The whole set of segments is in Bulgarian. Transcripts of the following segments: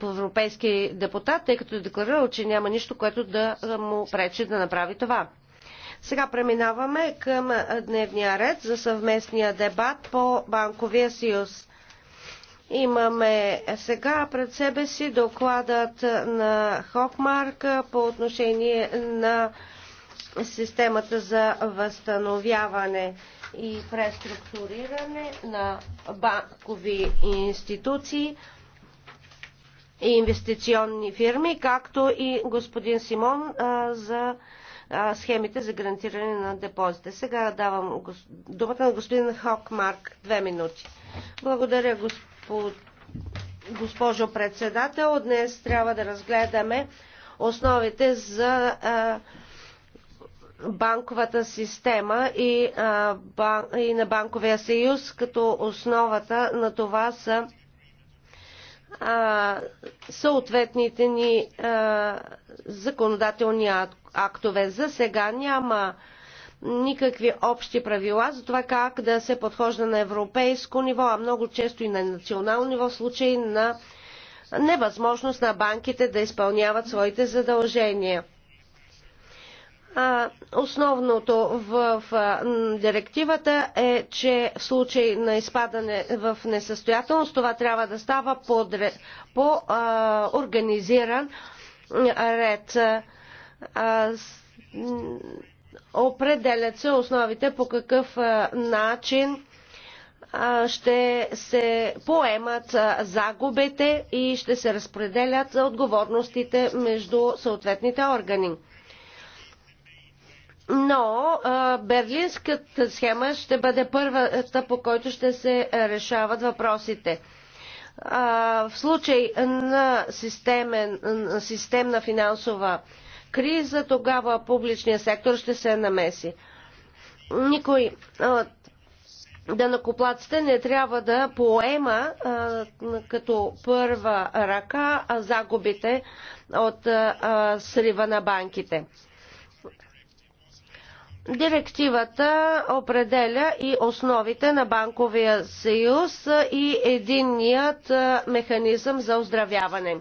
по европейски депутат, тъй като е декларирал, че няма нищо, което да му пречи да направи това. Сега преминаваме към дневния ред за съвместния дебат по Банковия съюз. Имаме сега пред себе си докладът на Хокмарк по отношение на системата за възстановяване и преструктуриране на банкови институции и инвестиционни фирми, както и господин Симон а, за а, схемите за гарантиране на депозите. Сега давам гос... думата на господин Хокмарк. Две минути. Благодаря, господ... госпожо председател. Днес трябва да разгледаме основите за а, банковата система и, а, бан... и на банковия съюз, като основата на това са а, съответните ни а, законодателни актове. За сега няма никакви общи правила за това как да се подхожда на европейско ниво, а много често и на национално ниво в случай на невъзможност на банките да изпълняват своите задължения. Основното в директивата е, че в случай на изпадане в несъстоятелност това трябва да става по, по а, организиран ред. А, с, определят се основите по какъв а, начин ще се поемат загубите и ще се разпределят отговорностите между съответните органи. Но а, берлинската схема ще бъде първата, по който ще се решават въпросите. А, в случай на системен, системна финансова криза, тогава публичният сектор ще се намеси. Никой от данакоплаците не трябва да поема а, като първа ръка загубите от а, срива на банките. Директивата определя и основите на банковия съюз и единният механизъм за оздравяване.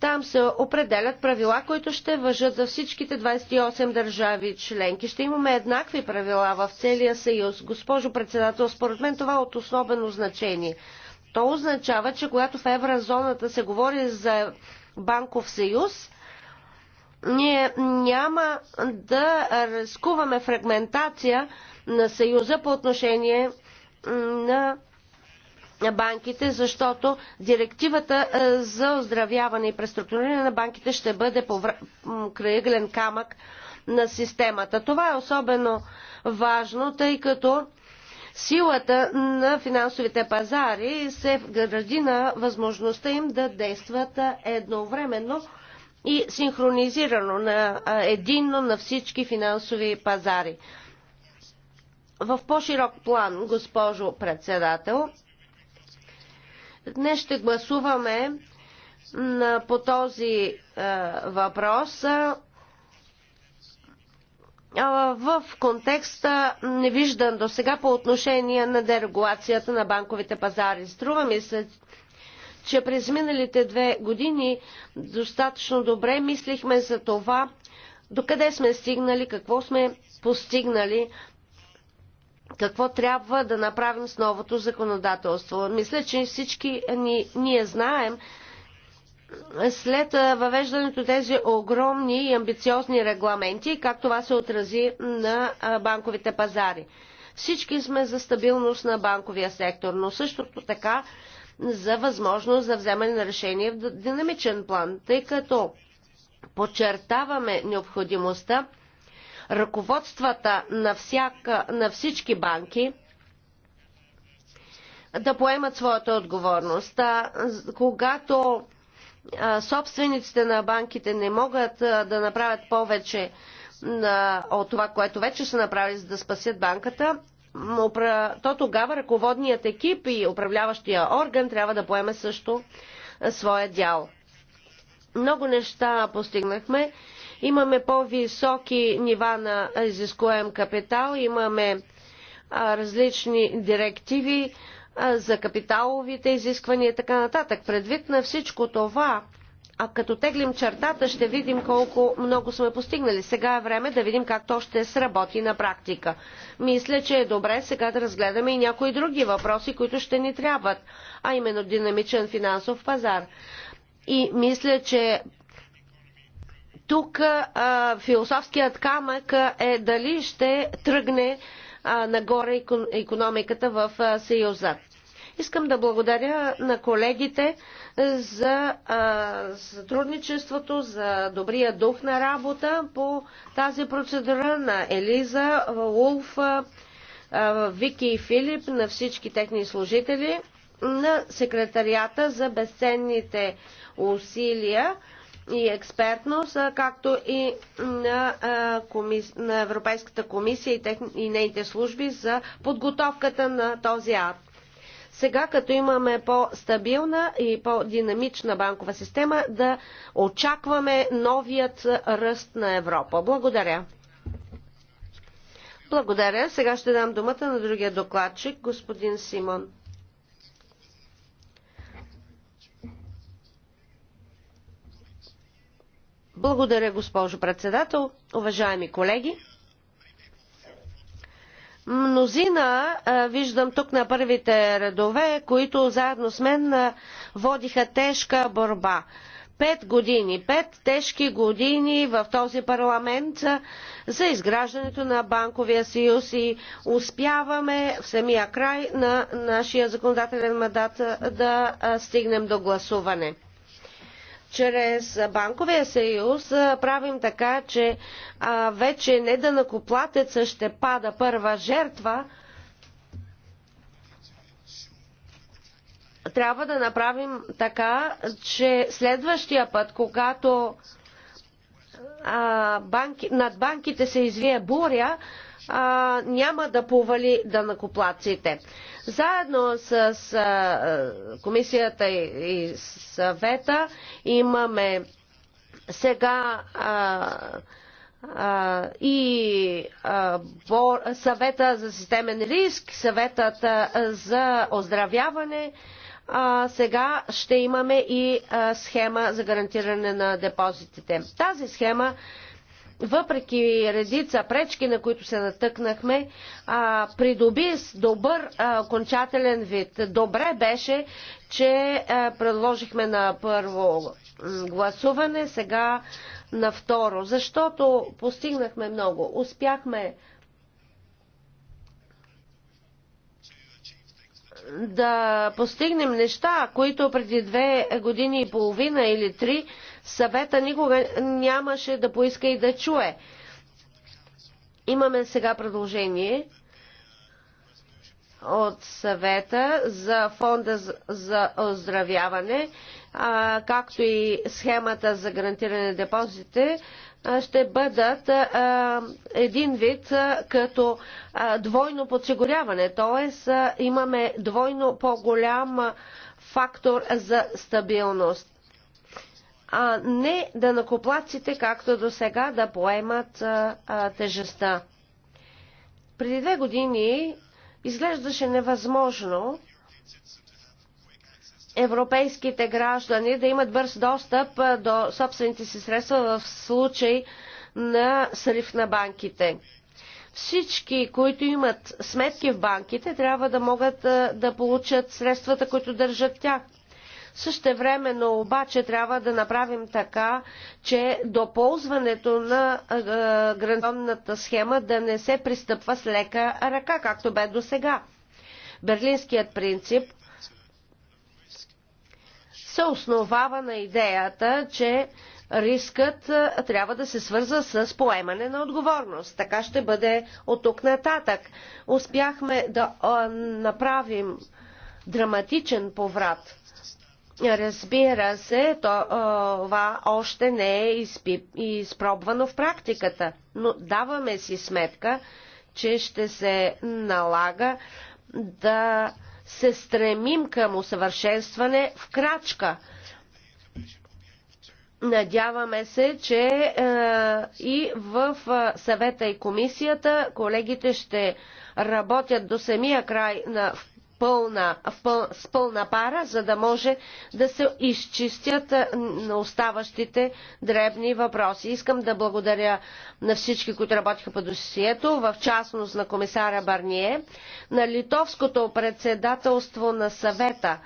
Там се определят правила, които ще въжат за всичките 28 държави членки. Ще имаме еднакви правила в целия съюз. Госпожо председател, според мен това е от особено значение. То означава, че когато в еврозоната се говори за банков съюз, ние няма да рискуваме фрагментация на Съюза по отношение на банките, защото директивата е, за оздравяване и преструктуриране на банките ще бъде крайъглен камък на системата. Това е особено важно, тъй като силата на финансовите пазари се гради на възможността им да действат е, едновременно и синхронизирано на единно на всички финансови пазари. В по-широк план, госпожо председател, днес ще гласуваме по този въпрос в контекста невиждан до сега по отношение на дерегулацията на банковите пазари. Струва ми се, че през миналите две години достатъчно добре мислихме за това, докъде сме стигнали, какво сме постигнали, какво трябва да направим с новото законодателство. Мисля, че всички ни, ние знаем, след въвеждането тези огромни и амбициозни регламенти, как това се отрази на банковите пазари. Всички сме за стабилност на банковия сектор, но също така за възможност за вземане на решение в динамичен план, тъй като подчертаваме необходимостта ръководствата на, всяка, на всички банки да поемат своята отговорност. А, когато а, собствениците на банките не могат а, да направят повече на, от това, което вече са направили, за да спасят банката, то тогава ръководният екип и управляващия орган трябва да поеме също своя дял. Много неща постигнахме. Имаме по-високи нива на изискуем капитал, имаме различни директиви за капиталовите изисквания и така нататък. Предвид на всичко това, а като теглим чертата, ще видим колко много сме постигнали. Сега е време да видим как то ще сработи на практика. Мисля, че е добре сега да разгледаме и някои други въпроси, които ще ни трябват, а именно динамичен финансов пазар. И мисля, че тук а, философският камък е дали ще тръгне а, нагоре економиката в Съюза. Искам да благодаря на колегите е, за е, сътрудничеството, за добрия дух на работа по тази процедура на Елиза, Улф, е, Вики и Филип, на всички техни служители, на секретарията за безценните усилия и експертност, както и на, на Европейската комисия и, тех... и нейните служби за подготовката на този акт сега, като имаме по-стабилна и по-динамична банкова система, да очакваме новият ръст на Европа. Благодаря. Благодаря. Сега ще дам думата на другия докладчик, господин Симон. Благодаря, госпожо председател. Уважаеми колеги, Мнозина виждам тук на първите редове, които заедно с мен водиха тежка борба. Пет години, пет тежки години в този парламент за изграждането на банковия съюз и успяваме в самия край на нашия законодателен мандат да стигнем до гласуване чрез банковия съюз правим така, че а, вече не да накоплатеца ще пада първа жертва, трябва да направим така, че следващия път, когато а, банки, над банките се извие буря, а, няма да повали накоплаците. Заедно с комисията и съвета имаме сега и съвета за системен риск, съветът за оздравяване. А, сега ще имаме и а, схема за гарантиране на депозитите. Тази схема въпреки редица пречки, на които се натъкнахме, а, придоби добър а, окончателен вид. Добре беше, че а, предложихме на първо гласуване, сега на второ, защото постигнахме много. Успяхме да постигнем неща, които преди две години и половина или три съвета никога нямаше да поиска и да чуе. Имаме сега предложение от съвета за фонда за оздравяване, както и схемата за гарантиране на депозите ще бъдат а, един вид а, като а, двойно подсигуряване, т.е. имаме двойно по-голям фактор за стабилност. А не да накоплаците, както до сега, да поемат а, а, тежестта. Преди две години изглеждаше невъзможно европейските граждани да имат бърз достъп до собствените си средства в случай на срив на банките. Всички, които имат сметки в банките, трябва да могат да получат средствата, които държат тях. но обаче трябва да направим така, че до ползването на гранционната схема да не се пристъпва с лека ръка, както бе до сега. Берлинският принцип – се основава на идеята, че рискът трябва да се свърза с поемане на отговорност. Така ще бъде от тук нататък. Успяхме да направим драматичен поврат. Разбира се, това още не е изпробвано в практиката, но даваме си сметка, че ще се налага да се стремим към усъвършенстване в крачка. Надяваме се, че е, и в е, съвета и комисията колегите ще работят до самия край на пълна, в пъл, с пълна пара, за да може да се изчистят на оставащите дребни въпроси. Искам да благодаря на всички, които работиха по досието, в частност на комисара Барние, на литовското председателство на съвета.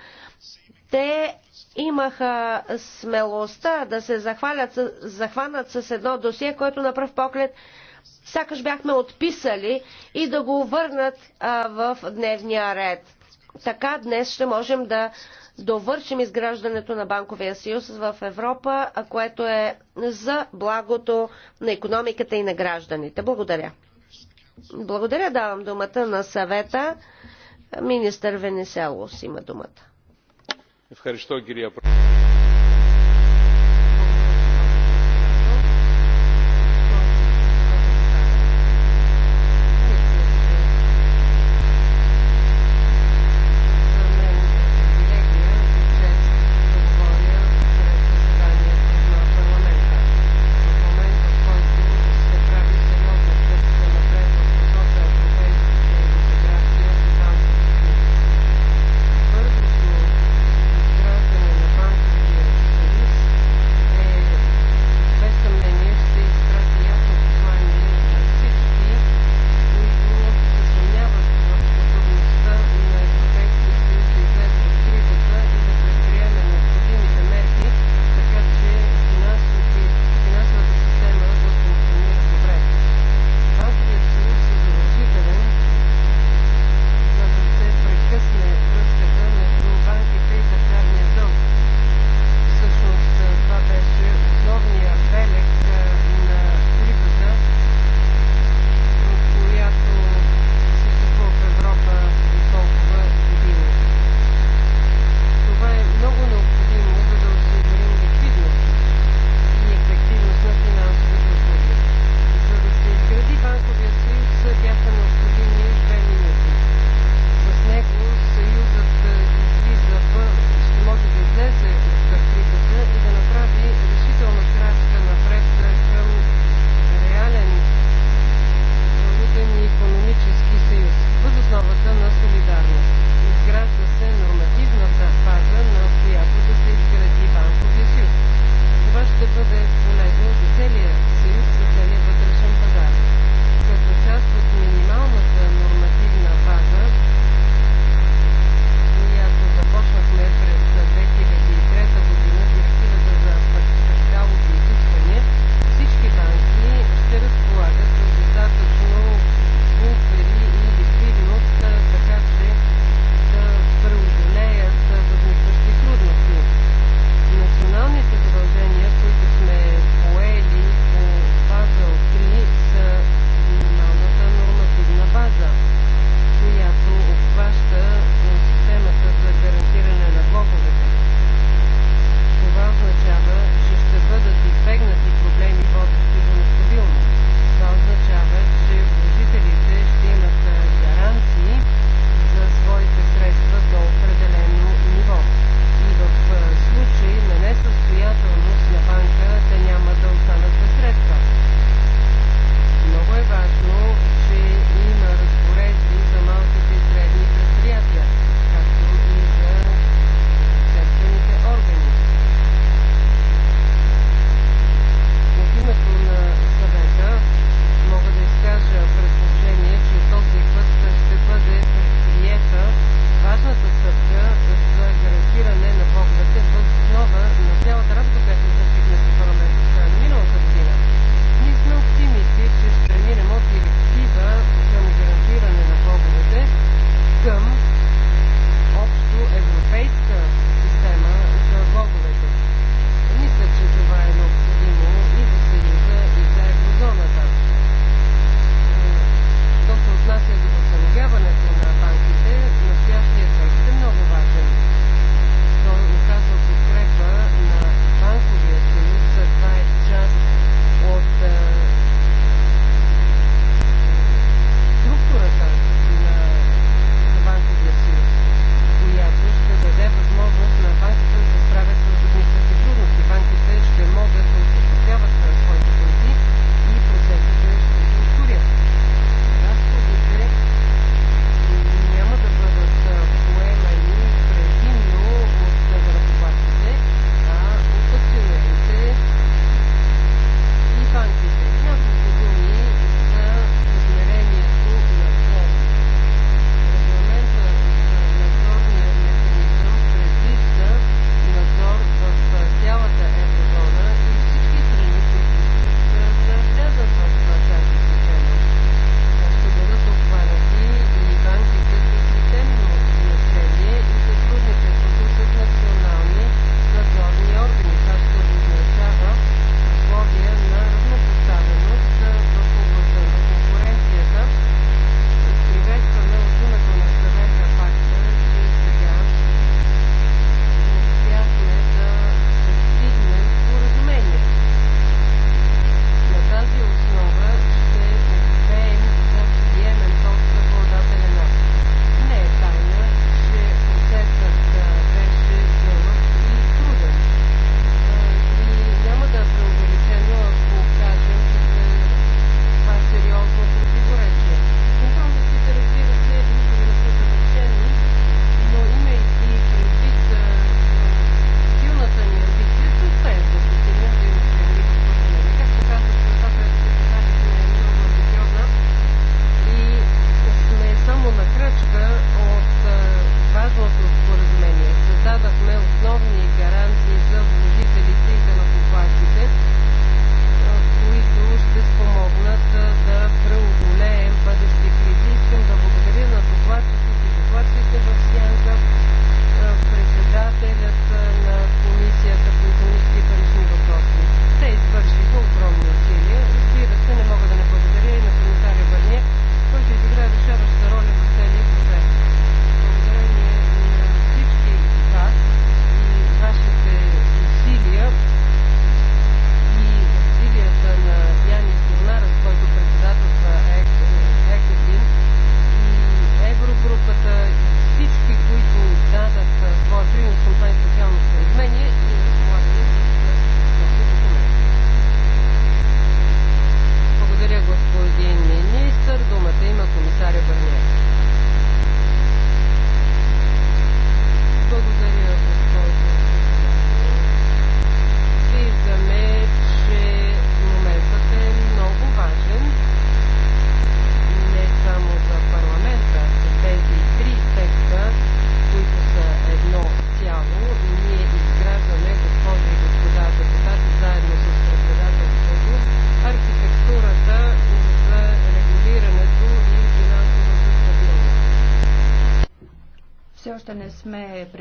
Те имаха смелостта да се захвалят, захванат с едно досие, което на пръв поглед сякаш бяхме отписали и да го върнат а, в дневния ред. Така днес ще можем да довършим изграждането на банковия съюз в Европа, което е за благото на економиката и на гражданите. Благодаря. Благодаря. Давам думата на съвета. Министър Венеселос има думата. Ευχαριστώ,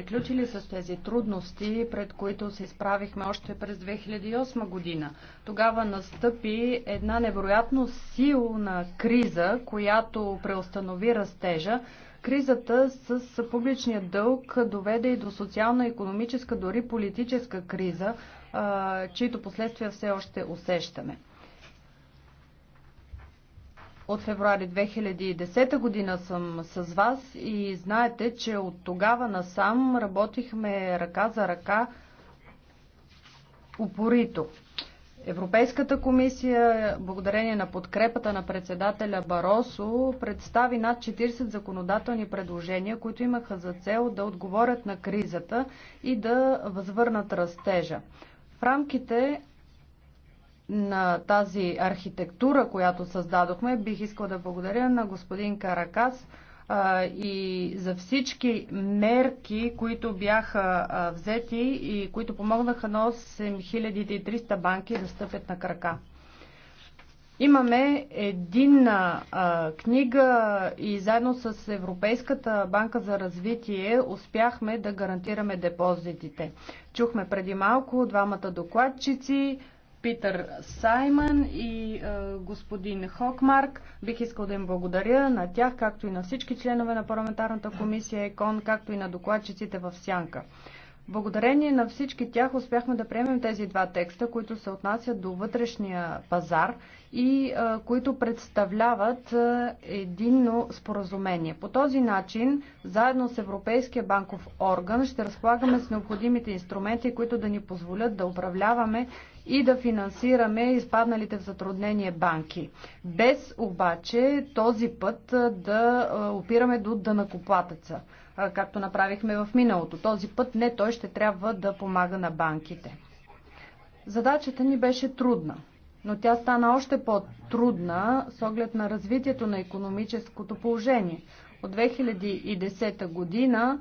приключили с тези трудности, пред които се изправихме още през 2008 година. Тогава настъпи една невероятно силна криза, която преустанови растежа. Кризата с публичния дълг доведе и до социална, економическа, дори политическа криза, чието последствия все още усещаме. От февруари 2010 година съм с вас и знаете, че от тогава насам работихме ръка за ръка упорито. Европейската комисия, благодарение на подкрепата на председателя Баросо, представи над 40 законодателни предложения, които имаха за цел да отговорят на кризата и да възвърнат растежа. В рамките на тази архитектура, която създадохме, бих искал да благодаря на господин Каракас и за всички мерки, които бяха взети и които помогнаха на 8300 банки да стъпят на крака. Имаме единна а, книга и заедно с Европейската банка за развитие успяхме да гарантираме депозитите. Чухме преди малко двамата докладчици, Питър Саймън и е, господин Хокмарк. Бих искал да им благодаря на тях, както и на всички членове на парламентарната комисия ЕКОН, както и на докладчиците в Сянка. Благодарение на всички тях успяхме да приемем тези два текста, които се отнасят до вътрешния пазар и а, които представляват а, единно споразумение. По този начин, заедно с Европейския банков орган, ще разполагаме с необходимите инструменти, които да ни позволят да управляваме и да финансираме изпадналите в затруднение банки. Без обаче този път да опираме до дънакоплатеца, както направихме в миналото. Този път не той ще трябва да помага на банките. Задачата ни беше трудна но тя стана още по-трудна с оглед на развитието на економическото положение. От 2010 година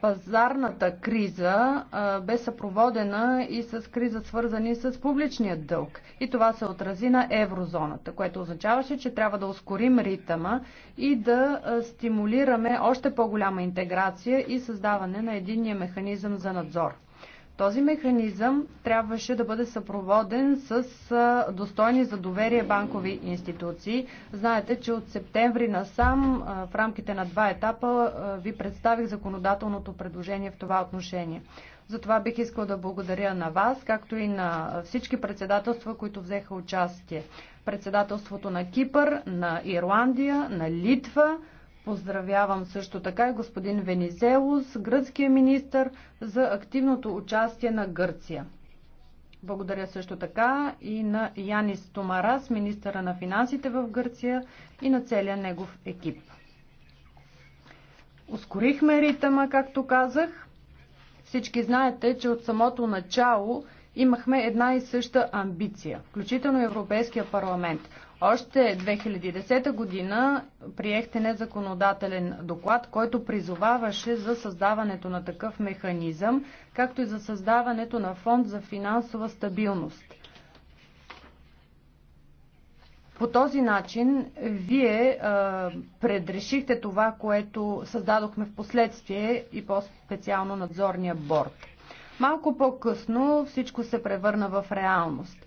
пазарната криза бе съпроводена и с криза свързани с публичния дълг. И това се отрази на еврозоната, което означаваше, че трябва да ускорим ритъма и да стимулираме още по-голяма интеграция и създаване на единния механизъм за надзор. Този механизъм трябваше да бъде съпроводен с достойни за доверие банкови институции. Знаете, че от септември насам в рамките на два етапа ви представих законодателното предложение в това отношение. Затова бих искал да благодаря на вас, както и на всички председателства, които взеха участие. Председателството на Кипър, на Ирландия, на Литва, Поздравявам също така и господин Венизелус, гръцкия министр, за активното участие на Гърция. Благодаря също така и на Янис Томарас, министъра на финансите в Гърция и на целия негов екип. Ускорихме ритъма, както казах. Всички знаете, че от самото начало имахме една и съща амбиция, включително Европейския парламент. Още 2010 година приехте незаконодателен доклад, който призоваваше за създаването на такъв механизъм, както и за създаването на фонд за финансова стабилност. По този начин вие а, предрешихте това, което създадохме в последствие и по-специално надзорния борт. Малко по-късно всичко се превърна в реалност.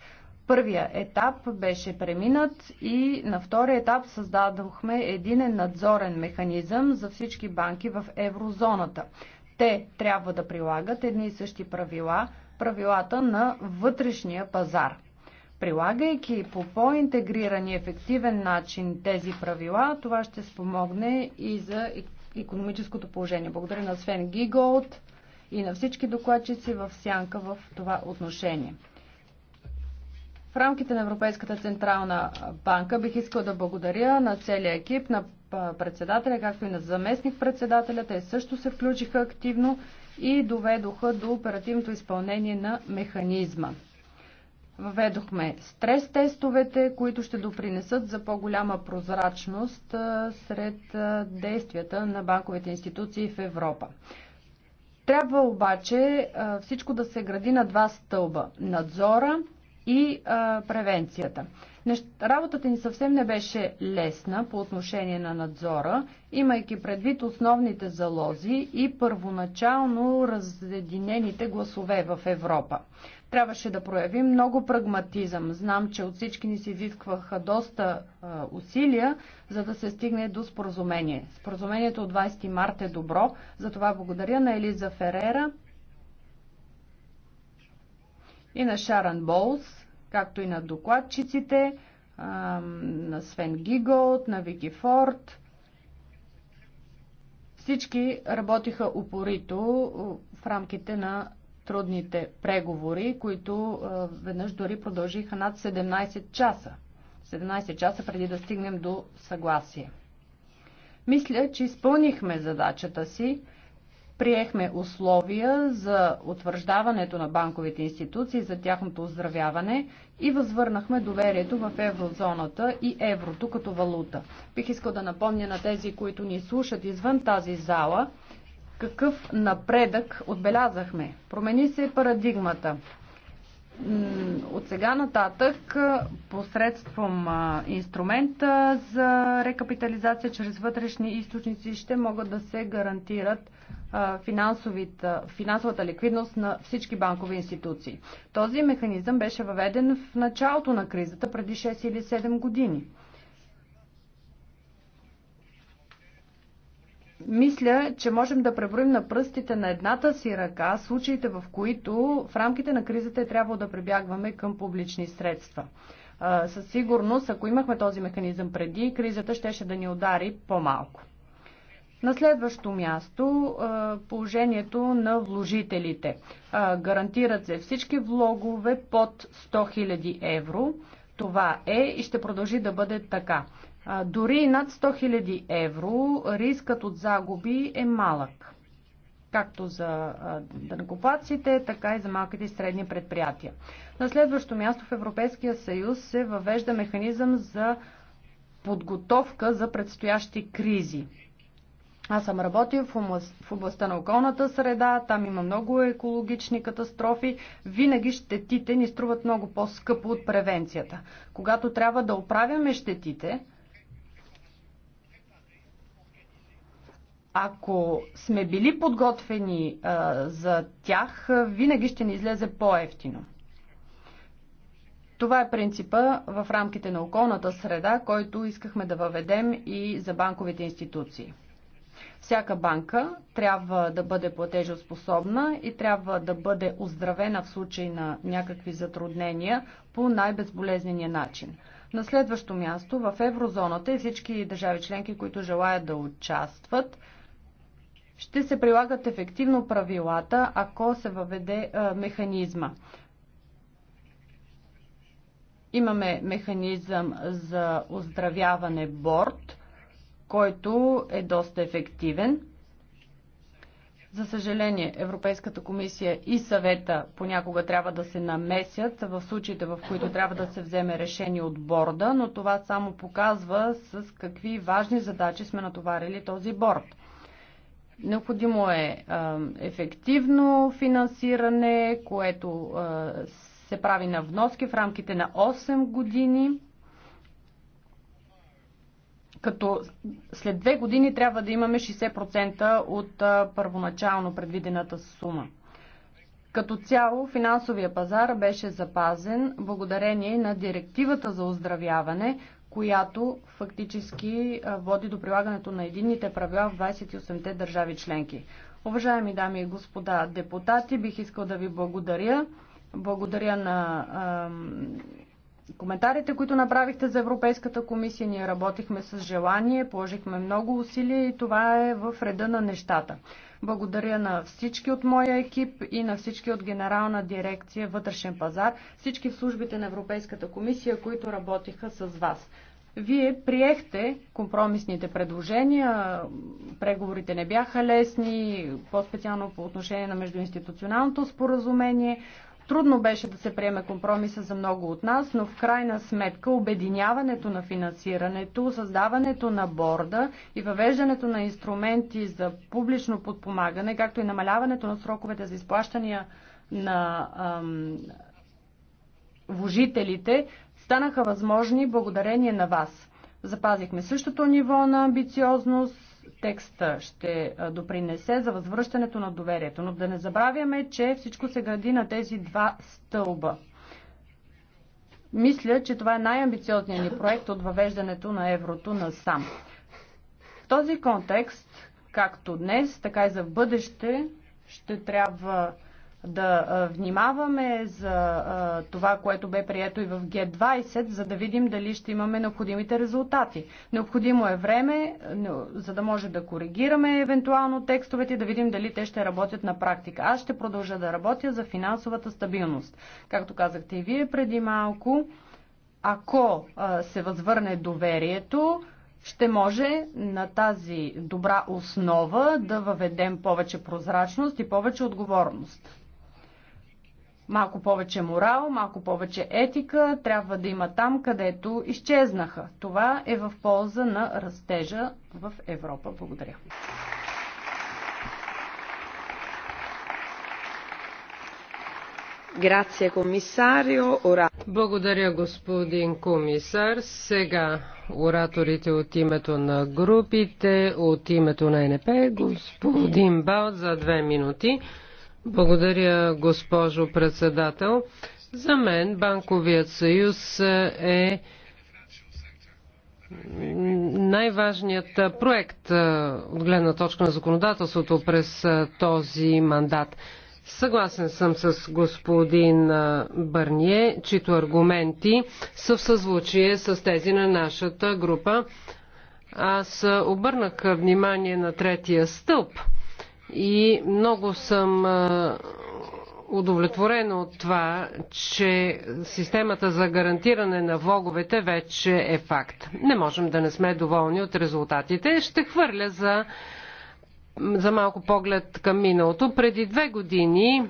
Първия етап беше преминат и на втория етап създадохме един надзорен механизъм за всички банки в еврозоната. Те трябва да прилагат едни и същи правила, правилата на вътрешния пазар. Прилагайки по по-интегриран и ефективен начин тези правила, това ще спомогне и за економическото положение. Благодаря на Свен Гиголд и на всички докладчици в сянка в това отношение. В рамките на Европейската централна банка бих искал да благодаря на целия екип, на председателя, както и на заместник-председателя. Те също се включиха активно и доведоха до оперативното изпълнение на механизма. Въведохме стрес тестовете, които ще допринесат за по-голяма прозрачност сред действията на банковите институции в Европа. Трябва обаче всичко да се гради на два стълба – надзора – и а, превенцията. Нещ... Работата ни съвсем не беше лесна по отношение на надзора, имайки предвид основните залози и първоначално разединените гласове в Европа. Трябваше да проявим много прагматизъм. Знам, че от всички ни се изискваха доста а, усилия, за да се стигне до споразумение. Споразумението от 20 март е добро, затова благодаря на Елиза Ферера и на Шаран Боус както и на докладчиците, на Свен Гиголт, на Вики Форд. Всички работиха упорито в рамките на трудните преговори, които веднъж дори продължиха над 17 часа. 17 часа преди да стигнем до съгласие. Мисля, че изпълнихме задачата си приехме условия за утвърждаването на банковите институции, за тяхното оздравяване и възвърнахме доверието в еврозоната и еврото като валута. Бих искал да напомня на тези, които ни слушат извън тази зала, какъв напредък отбелязахме. Промени се парадигмата от сега нататък посредством инструмента за рекапитализация чрез вътрешни източници ще могат да се гарантират финансовата ликвидност на всички банкови институции. Този механизъм беше въведен в началото на кризата преди 6 или 7 години. Мисля, че можем да преброим на пръстите на едната си ръка случаите, в които в рамките на кризата е трябвало да прибягваме към публични средства. Със сигурност, ако имахме този механизъм преди, кризата щеше да ни удари по-малко. На следващо място положението на вложителите. Гарантират се всички влогове под 100 000 евро. Това е и ще продължи да бъде така. А, дори над 100 000 евро рискът от загуби е малък. Както за дънкопаците, така и за малките и средни предприятия. На следващо място в Европейския съюз се въвежда механизъм за подготовка за предстоящи кризи. Аз съм работил в областта на околната среда, там има много екологични катастрофи. Винаги щетите ни струват много по-скъпо от превенцията. Когато трябва да оправяме щетите, ако сме били подготвени а, за тях, винаги ще ни излезе по-ефтино. Това е принципа в рамките на околната среда, който искахме да въведем и за банковите институции. Всяка банка трябва да бъде платежоспособна и трябва да бъде оздравена в случай на някакви затруднения по най-безболезнения начин. На следващо място в еврозоната и всички държави членки, които желаят да участват, ще се прилагат ефективно правилата, ако се въведе механизма. Имаме механизъм за оздравяване борт, който е доста ефективен. За съжаление, Европейската комисия и съвета понякога трябва да се намесят в случаите, в които трябва да се вземе решение от борда, но това само показва с какви важни задачи сме натоварили този борд. Необходимо е ефективно финансиране, което се прави на вноски в рамките на 8 години като след 2 години трябва да имаме 60% от първоначално предвидената сума. Като цяло финансовия пазар беше запазен благодарение на директивата за оздравяване, която фактически води до прилагането на единните правила в 28-те държави членки. Уважаеми дами и господа депутати, бих искал да ви благодаря. Благодаря на коментарите, които направихте за Европейската комисия. Ние работихме с желание, положихме много усилия и това е в реда на нещата. Благодаря на всички от моя екип и на всички от Генерална дирекция Вътрешен пазар, всички в службите на Европейската комисия, които работиха с вас. Вие приехте компромисните предложения, преговорите не бяха лесни, по-специално по отношение на междуинституционалното споразумение. Трудно беше да се приеме компромиса за много от нас, но в крайна сметка обединяването на финансирането, създаването на борда и въвеждането на инструменти за публично подпомагане, както и намаляването на сроковете за изплащания на ам, вложителите, станаха възможни благодарение на вас. Запазихме същото ниво на амбициозност, текста ще допринесе за възвръщането на доверието. Но да не забравяме, че всичко се гради на тези два стълба. Мисля, че това е най-амбициозният ни проект от въвеждането на еврото на сам. В този контекст, както днес, така и за бъдеще, ще трябва да внимаваме за това, което бе прието и в Г20, за да видим дали ще имаме необходимите резултати. Необходимо е време, за да може да коригираме евентуално текстовете, да видим дали те ще работят на практика. Аз ще продължа да работя за финансовата стабилност. Както казахте и вие преди малко, ако се възвърне доверието, ще може на тази добра основа да въведем повече прозрачност и повече отговорност. Малко повече морал, малко повече етика трябва да има там, където изчезнаха. Това е в полза на растежа в Европа. Благодаря. Благодаря, господин комисар. Сега ораторите от името на групите, от името на НП, господин Бал за две минути. Благодаря, госпожо председател. За мен Банковият съюз е най-важният проект от гледна точка на законодателството през този мандат. Съгласен съм с господин Бърние, чието аргументи са в съзвучие с тези на нашата група. Аз обърнах внимание на третия стълб – и много съм удовлетворена от това, че системата за гарантиране на влоговете вече е факт. Не можем да не сме доволни от резултатите. Ще хвърля за, за малко поглед към миналото. Преди две години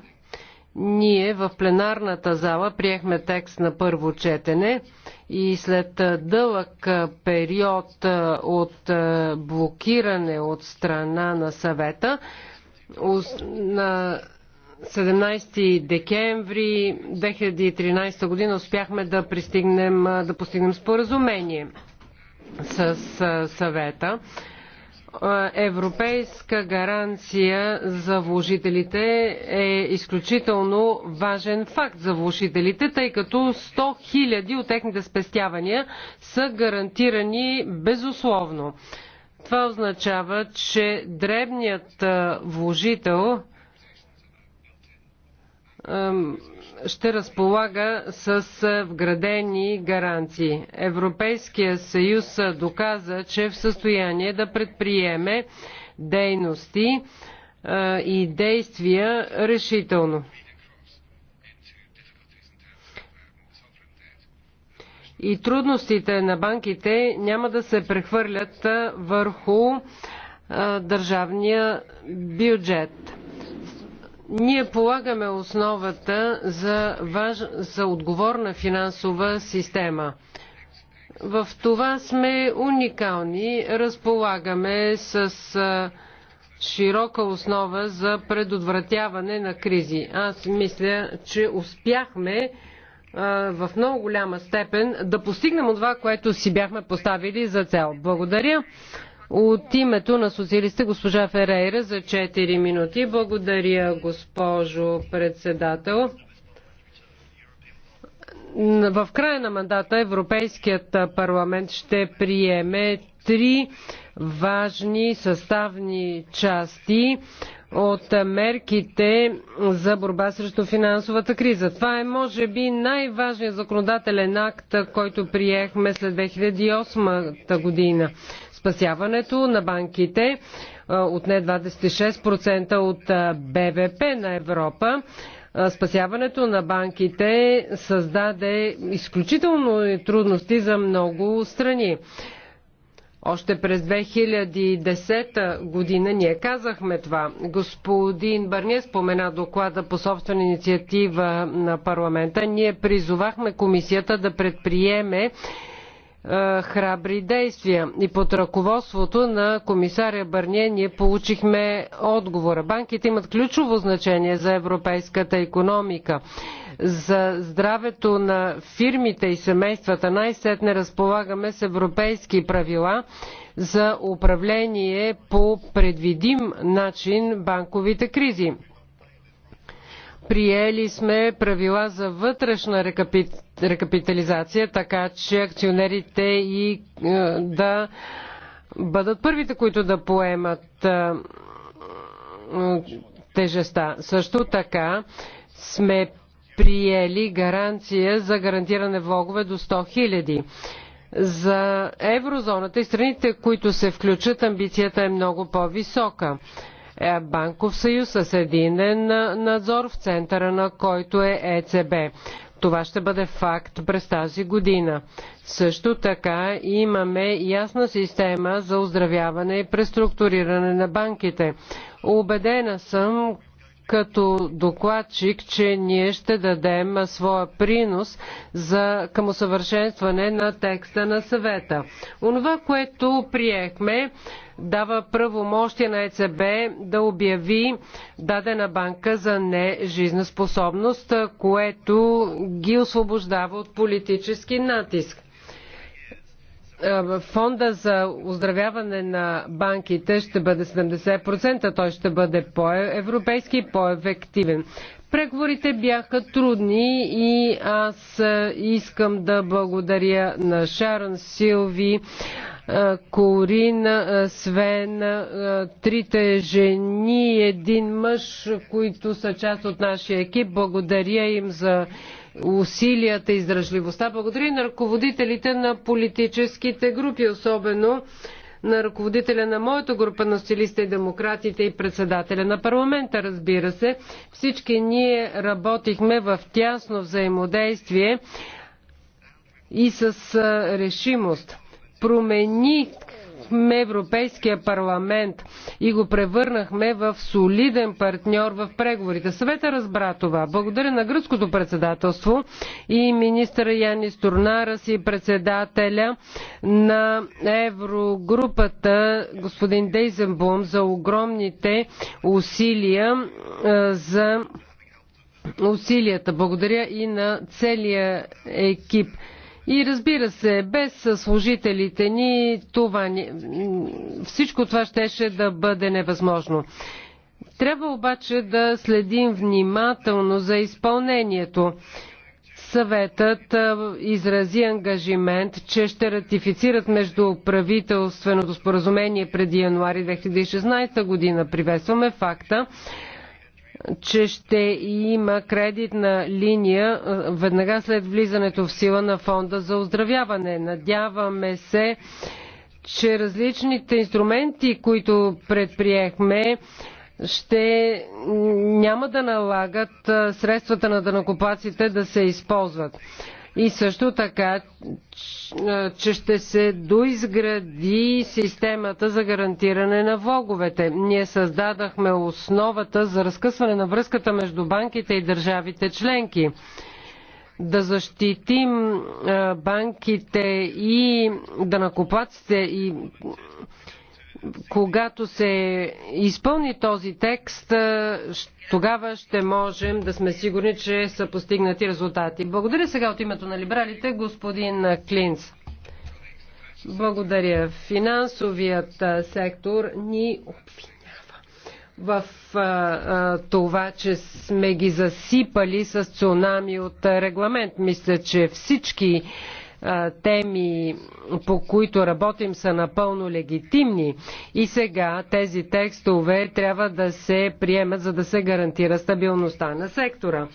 ние в пленарната зала приехме текст на първо четене и след дълъг период от блокиране от страна на съвета, на 17 декември 2013 година успяхме да, пристигнем, да постигнем споразумение с съвета. Европейска гаранция за вложителите е изключително важен факт за вложителите, тъй като 100 000 от техните спестявания са гарантирани безусловно. Това означава, че дребният вложител ще разполага с вградени гаранции. Европейския съюз доказа, че е в състояние да предприеме дейности и действия решително. и трудностите на банките няма да се прехвърлят върху държавния бюджет. Ние полагаме основата за, важ... за отговорна финансова система. В това сме уникални. Разполагаме с широка основа за предотвратяване на кризи. Аз мисля, че успяхме в много голяма степен да постигнем това, което си бяхме поставили за цел. Благодаря от името на социалиста госпожа Ферейра за 4 минути. Благодаря, госпожо председател. В края на мандата Европейският парламент ще приеме три важни съставни части от мерките за борба срещу финансовата криза. Това е, може би, най-важният законодателен акт, който приехме след 2008 година. Спасяването на банките отне 26% от БВП на Европа. Спасяването на банките създаде изключително трудности за много страни. Още през 2010 година ние казахме това. Господин Бърния спомена доклада по собствена инициатива на парламента. Ние призовахме комисията да предприеме е, храбри действия. И под ръководството на комисаря Бърния ние получихме отговора. Банките имат ключово значение за европейската економика за здравето на фирмите и семействата най-сетне разполагаме с европейски правила за управление по предвидим начин банковите кризи. Приели сме правила за вътрешна рекапитализация, така че акционерите и е, да бъдат първите, които да поемат е, е, тежеста. Също така сме приели гаранция за гарантиране влогове до 100 хиляди. За еврозоната и страните, които се включат, амбицията е много по-висока. Е, Банков съюз с единен надзор в центъра на който е ЕЦБ. Това ще бъде факт през тази година. Също така имаме ясна система за оздравяване и преструктуриране на банките. Обедена съм, като докладчик, че ние ще дадем своя принос за, към усъвършенстване на текста на съвета. Онова, което приехме, дава правомощие на ЕЦБ да обяви дадена банка за нежизнеспособност, което ги освобождава от политически натиск фонда за оздравяване на банките ще бъде 70%, той ще бъде по-европейски и по-ефективен. Преговорите бяха трудни и аз искам да благодаря на Шаран Силви, Корин, Свен, трите жени и един мъж, които са част от нашия екип. Благодаря им за усилията и издръжливостта. Благодаря и на ръководителите на политическите групи, особено на ръководителя на моята група на социалистите и демократите и председателя на парламента, разбира се. Всички ние работихме в тясно взаимодействие и с решимост. Промених взехме Европейския парламент и го превърнахме в солиден партньор в преговорите. Съвета разбра това. Благодаря на гръцкото председателство и министър Яни Стурнарас и председателя на Еврогрупата господин Дейзенбум за огромните усилия за усилията. Благодаря и на целия екип. И разбира се, без служителите ни това, всичко това щеше да бъде невъзможно. Трябва обаче да следим внимателно за изпълнението. Съветът изрази ангажимент, че ще ратифицират между правителственото споразумение преди януари 2016 година. Приветстваме факта, че ще има кредитна линия е, веднага след влизането в сила на фонда за оздравяване. Надяваме се, че различните инструменти, които предприехме, ще няма да налагат е, средствата на данакоплаците да се използват и също така, че ще се доизгради системата за гарантиране на влоговете. Ние създадахме основата за разкъсване на връзката между банките и държавите членки. Да защитим банките и данакоплаците и когато се изпълни този текст, тогава ще можем да сме сигурни, че са постигнати резултати. Благодаря сега от името на либералите, господин Клинц. Благодаря. Финансовият сектор ни обвинява в а, а, това, че сме ги засипали с цунами от регламент. Мисля, че всички теми, по които работим, са напълно легитимни. И сега тези текстове трябва да се приемат, за да се гарантира стабилността на сектора.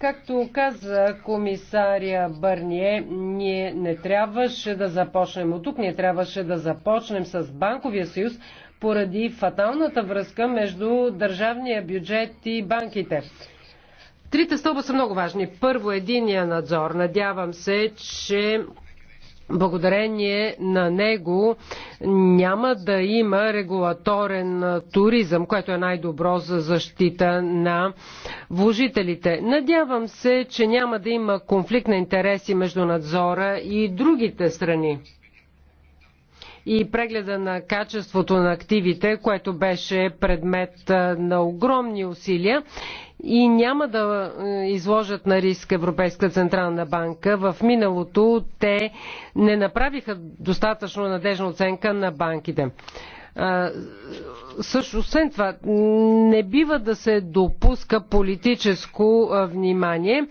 Както каза комисария Бърние, ние не трябваше да започнем от тук, ние трябваше да започнем с Банковия съюз поради фаталната връзка между държавния бюджет и банките. Трите стълба са много важни. Първо, единия надзор. Надявам се, че благодарение на него няма да има регулаторен туризъм, което е най-добро за защита на вложителите. Надявам се, че няма да има конфликт на интереси между надзора и другите страни и прегледа на качеството на активите, което беше предмет на огромни усилия и няма да изложат на риск Европейска централна банка. В миналото те не направиха достатъчно надежна оценка на банките също, освен това, не бива да се допуска политическо внимание,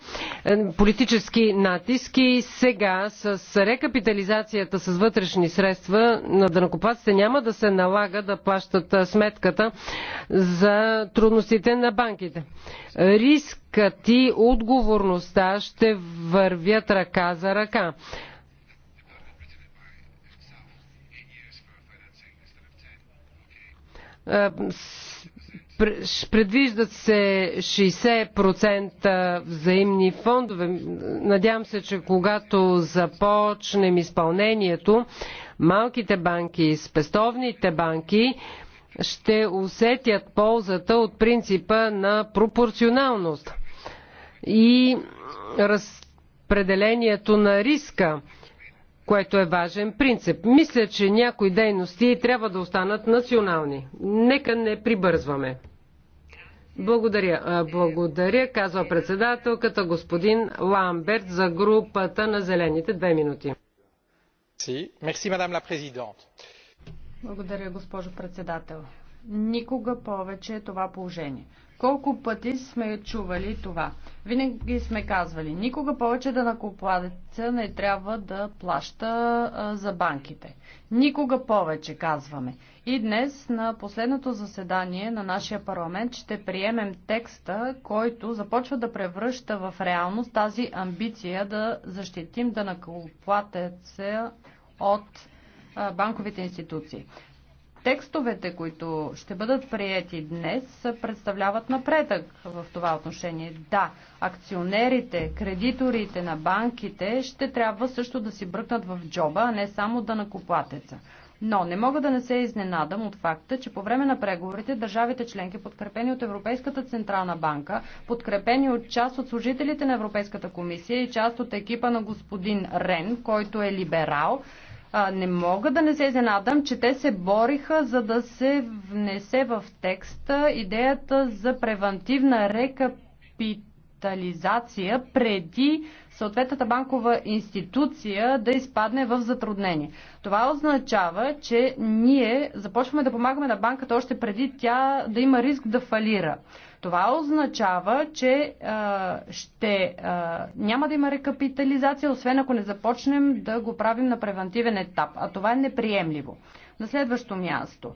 политически натиски. Сега с рекапитализацията с вътрешни средства на данакопаците няма да се налага да плащат сметката за трудностите на банките. Рискът и отговорността ще вървят ръка за ръка Предвиждат се 60% взаимни фондове. Надявам се, че когато започнем изпълнението, малките банки, спестовните банки ще усетят ползата от принципа на пропорционалност и разпределението на риска което е важен принцип. Мисля, че някои дейности трябва да останат национални. Нека не прибързваме. Благодаря. Благодаря, казва председателката господин Ламберт за групата на зелените две минути. Благодаря, госпожо председател. Никога повече това положение. Колко пъти сме чували това? Винаги сме казвали, никога повече да накопладеца не трябва да плаща а, за банките. Никога повече, казваме. И днес на последното заседание на нашия парламент ще приемем текста, който започва да превръща в реалност тази амбиция да защитим да накоплатеца от банковите институции. Текстовете, които ще бъдат приети днес, представляват напредък в това отношение. Да, акционерите, кредиторите на банките ще трябва също да си бръкнат в джоба, а не само да накоплатеца. Но не мога да не се изненадам от факта, че по време на преговорите държавите членки, подкрепени от Европейската централна банка, подкрепени от част от служителите на Европейската комисия и част от екипа на господин Рен, който е либерал, а, не мога да не се изненадам, че те се бориха за да се внесе в текста идеята за превантивна рекапитализация преди съответната банкова институция да изпадне в затруднение. Това означава, че ние започваме да помагаме на банката още преди тя да има риск да фалира. Това означава, че а, ще, а, няма да има рекапитализация, освен ако не започнем да го правим на превентивен етап. А това е неприемливо. На следващо място.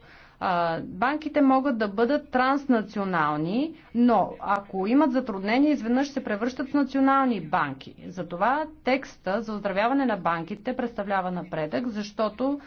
Банките могат да бъдат транснационални, но ако имат затруднения, изведнъж се превръщат в национални банки. Затова текста за оздравяване на банките представлява напредък, защото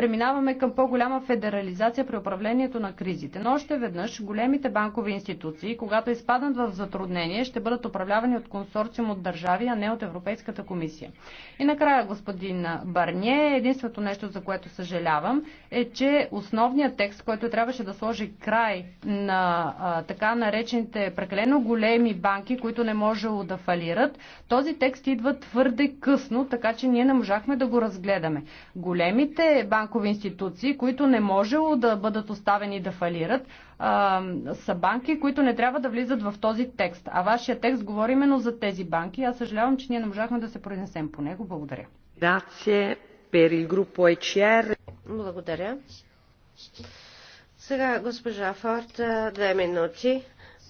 преминаваме към по-голяма федерализация при управлението на кризите. Но още веднъж големите банкови институции, когато изпаднат в затруднение, ще бъдат управлявани от консорциум от държави, а не от Европейската комисия. И накрая, господин Барние, единственото нещо, за което съжалявам, е, че основният текст, който трябваше да сложи край на а, така наречените прекалено големи банки, които не можело да фалират, този текст идва твърде късно, така че ние не можахме да го разгледаме. Големите банки банкови институции, които не можело да бъдат оставени да фалират, а, са банки, които не трябва да влизат в този текст. А вашия текст говори именно за тези банки. Аз съжалявам, че ние не можахме да се произнесем по него. Благодаря. E Благодаря. Сега госпожа Форт, две минути.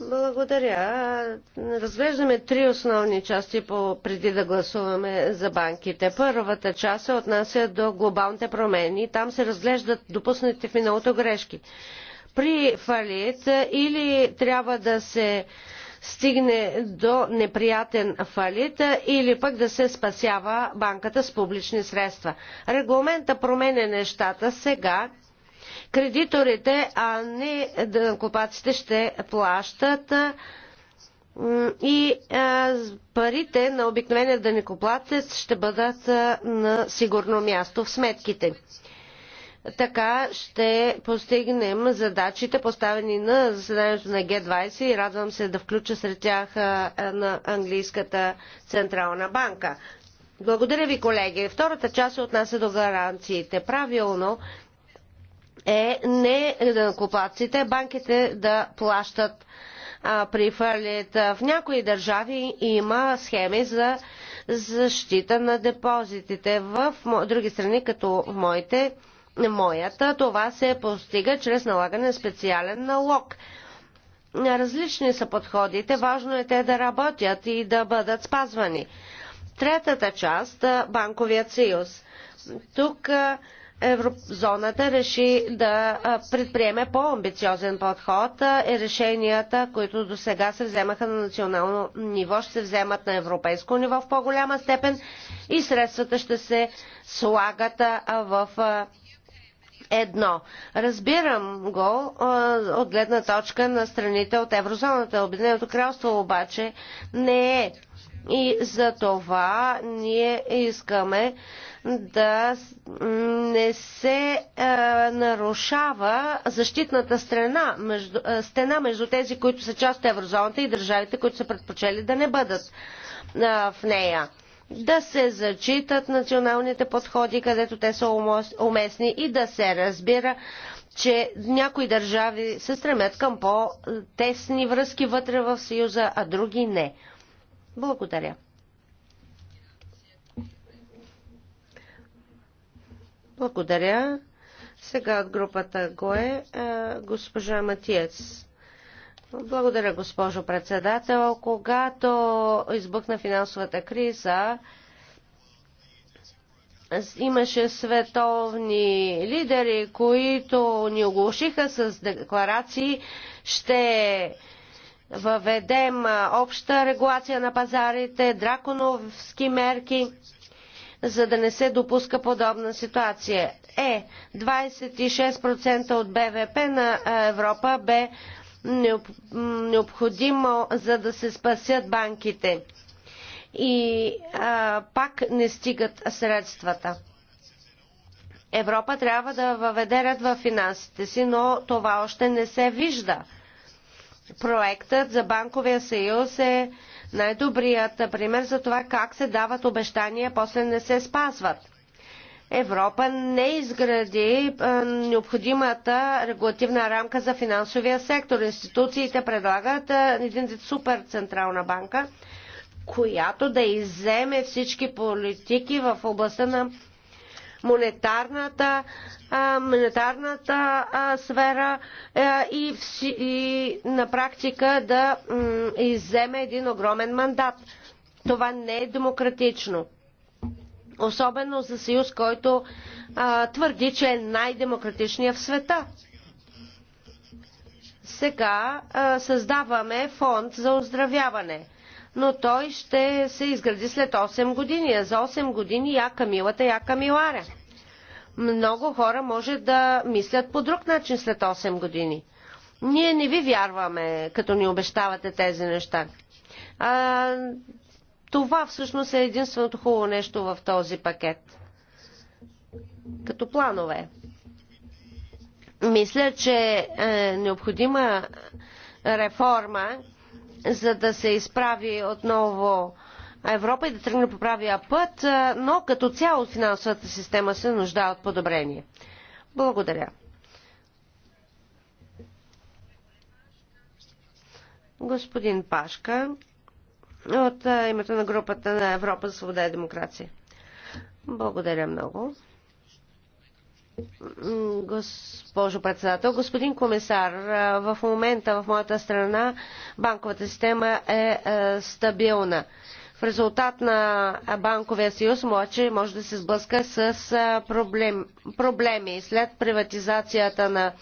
Благодаря. Разглеждаме три основни части по, преди да гласуваме за банките. Първата част се отнася до глобалните промени. Там се разглеждат допуснатите в миналото грешки. При фалит или трябва да се стигне до неприятен фалит или пък да се спасява банката с публични средства. Регламента променя нещата сега, кредиторите, а не дънкопаците ще плащат и парите на обикновения данекоплатец ще бъдат на сигурно място в сметките. Така ще постигнем задачите, поставени на заседанието на Г20 и радвам се да включа сред тях на Английската централна банка. Благодаря ви, колеги. Втората част се отнася до гаранциите. Правилно е не купаците, банките да плащат при фалит. В някои държави има схеми за защита на депозитите. В други страни, като моите, моята, това се постига чрез налагане на специален налог. Различни са подходите, важно е те да работят и да бъдат спазвани. Третата част – банковият съюз. Тук еврозоната реши да предприеме по-амбициозен подход и решенията, които до сега се вземаха на национално ниво, ще се вземат на европейско ниво в по-голяма степен и средствата ще се слагат в едно. Разбирам го а, от гледна точка на страните от еврозоната. Обединеното кралство обаче не е. И за това ние искаме да не се е, нарушава защитната страна, между, е, стена между тези, които са част от еврозоната и държавите, които са предпочели да не бъдат е, в нея. Да се зачитат националните подходи, където те са уместни и да се разбира, че някои държави се стремят към по-тесни връзки вътре в Съюза, а други не. Благодаря. Благодаря. Сега от групата ГОЕ госпожа Матиец. Благодаря, госпожо председател. Когато избухна финансовата криза, имаше световни лидери, които ни оглушиха с декларации, ще въведем обща регулация на пазарите, драконовски мерки за да не се допуска подобна ситуация. Е, 26% от БВП на Европа бе необходимо, за да се спасят банките. И а, пак не стигат средствата. Европа трябва да въведе ред в финансите си, но това още не се вижда. Проектът за банковия съюз е най-добрият пример за това как се дават обещания, после не се спазват. Европа не изгради необходимата регулативна рамка за финансовия сектор. Институциите предлагат един супер централна банка, която да иземе всички политики в областта на монетарната, а, монетарната а, сфера а, и, в, и на практика да м, изземе един огромен мандат. Това не е демократично. Особено за съюз, който а, твърди, че е най-демократичният в света. Сега а, създаваме фонд за оздравяване – но той ще се изгради след 8 години. за 8 години я Камилата, я Камиларя. Много хора може да мислят по друг начин след 8 години. Ние не ви вярваме, като ни обещавате тези неща. А, това всъщност е единственото хубаво нещо в този пакет. Като планове. Мисля, че е необходима реформа, за да се изправи отново Европа и да тръгне по правия път, но като цяло финансовата система се нуждае от подобрение. Благодаря. Господин Пашка от името на групата на Европа за свобода и демокрация. Благодаря много госпожо председател. Господин комисар, в момента в моята страна банковата система е, е стабилна. В резултат на банковия съюз младши може да се сблъска с проблем, проблеми. След приватизацията на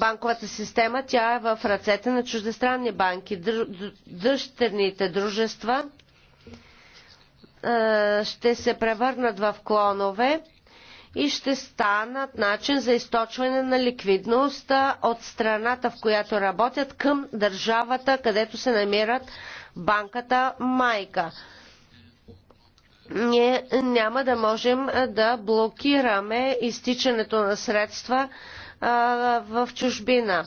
банковата система, тя е в ръцете на чуждестранни банки. Дъщерните дружества ще се превърнат в клонове и ще станат начин за източване на ликвидност от страната, в която работят, към държавата, където се намират банката майка. Ние няма да можем да блокираме изтичането на средства в чужбина.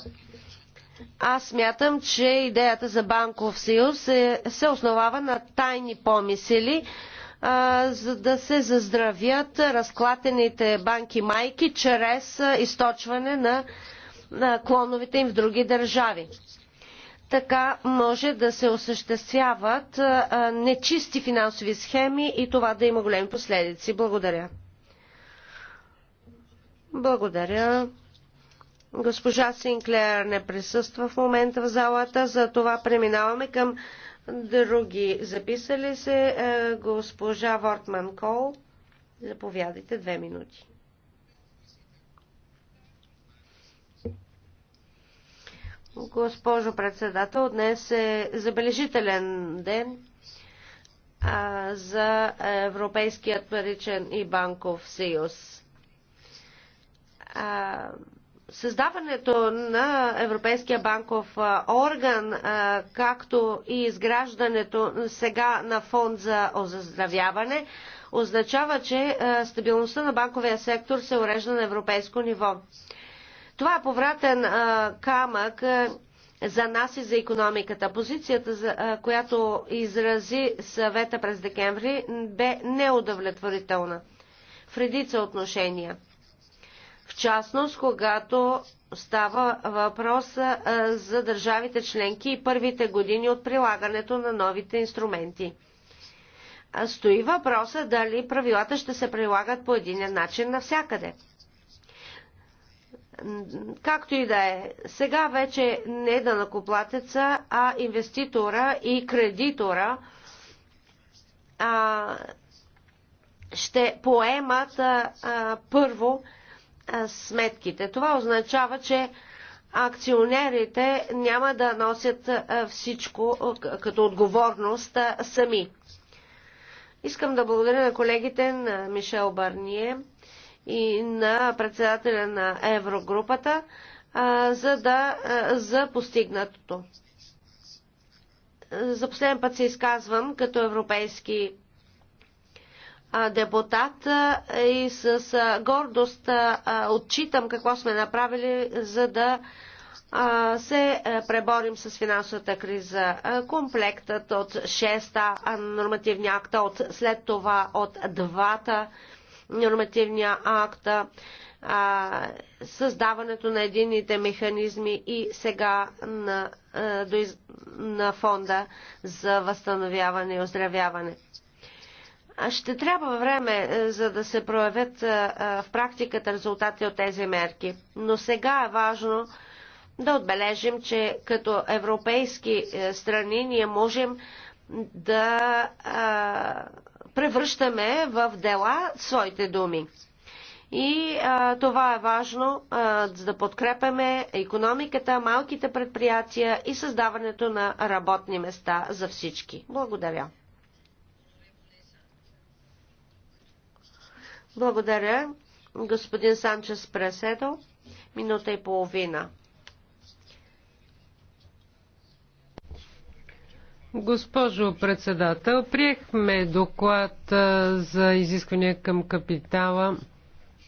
Аз смятам, че идеята за банков съюз се, се основава на тайни помисели, за да се заздравят разклатените банки майки чрез източване на, клоновете им в други държави. Така може да се осъществяват нечисти финансови схеми и това да има големи последици. Благодаря. Благодаря. Госпожа Синклер не присъства в момента в залата, за това преминаваме към Други записали се. Е, госпожа Вортман Кол. Заповядайте две минути. Госпожо председател, днес е забележителен ден а, за Европейският паричен и банков съюз. А, Създаването на Европейския банков орган, както и изграждането сега на фонд за оздравяване, означава, че стабилността на банковия сектор се урежда на европейско ниво. Това е повратен камък за нас и за економиката. Позицията, която изрази съвета през декември, бе неудовлетворителна в редица отношения в частност, когато става въпрос за държавите членки и първите години от прилагането на новите инструменти. Стои въпроса дали правилата ще се прилагат по един начин навсякъде. Както и да е, сега вече не е данакоплатеца, а инвеститора и кредитора а, ще поемат а, а, първо а, сметките. Това означава, че акционерите няма да носят всичко като отговорност сами. Искам да благодаря на колегите на Мишел Барние и на председателя на Еврогрупата за, да, за постигнатото. За последен път се изказвам като европейски депутат е и с гордост отчитам какво сме направили, за да се преборим с финансовата криза. Комплектът от 6 нормативни акта, от, след това от двата нормативни акта, създаването на едините механизми и сега на, на фонда за възстановяване и оздравяване. Ще трябва време, е, за да се проявят е, е, в практиката резултати от тези мерки. Но сега е важно да отбележим, че като европейски страни ние можем да превръщаме в дела своите думи. И а, това е важно, а, за да подкрепяме економиката, малките предприятия и създаването на работни места за всички. Благодаря. Благодаря, господин Санчес Преседо. Минута и половина. Госпожо председател, приехме доклад за изисквания към капитала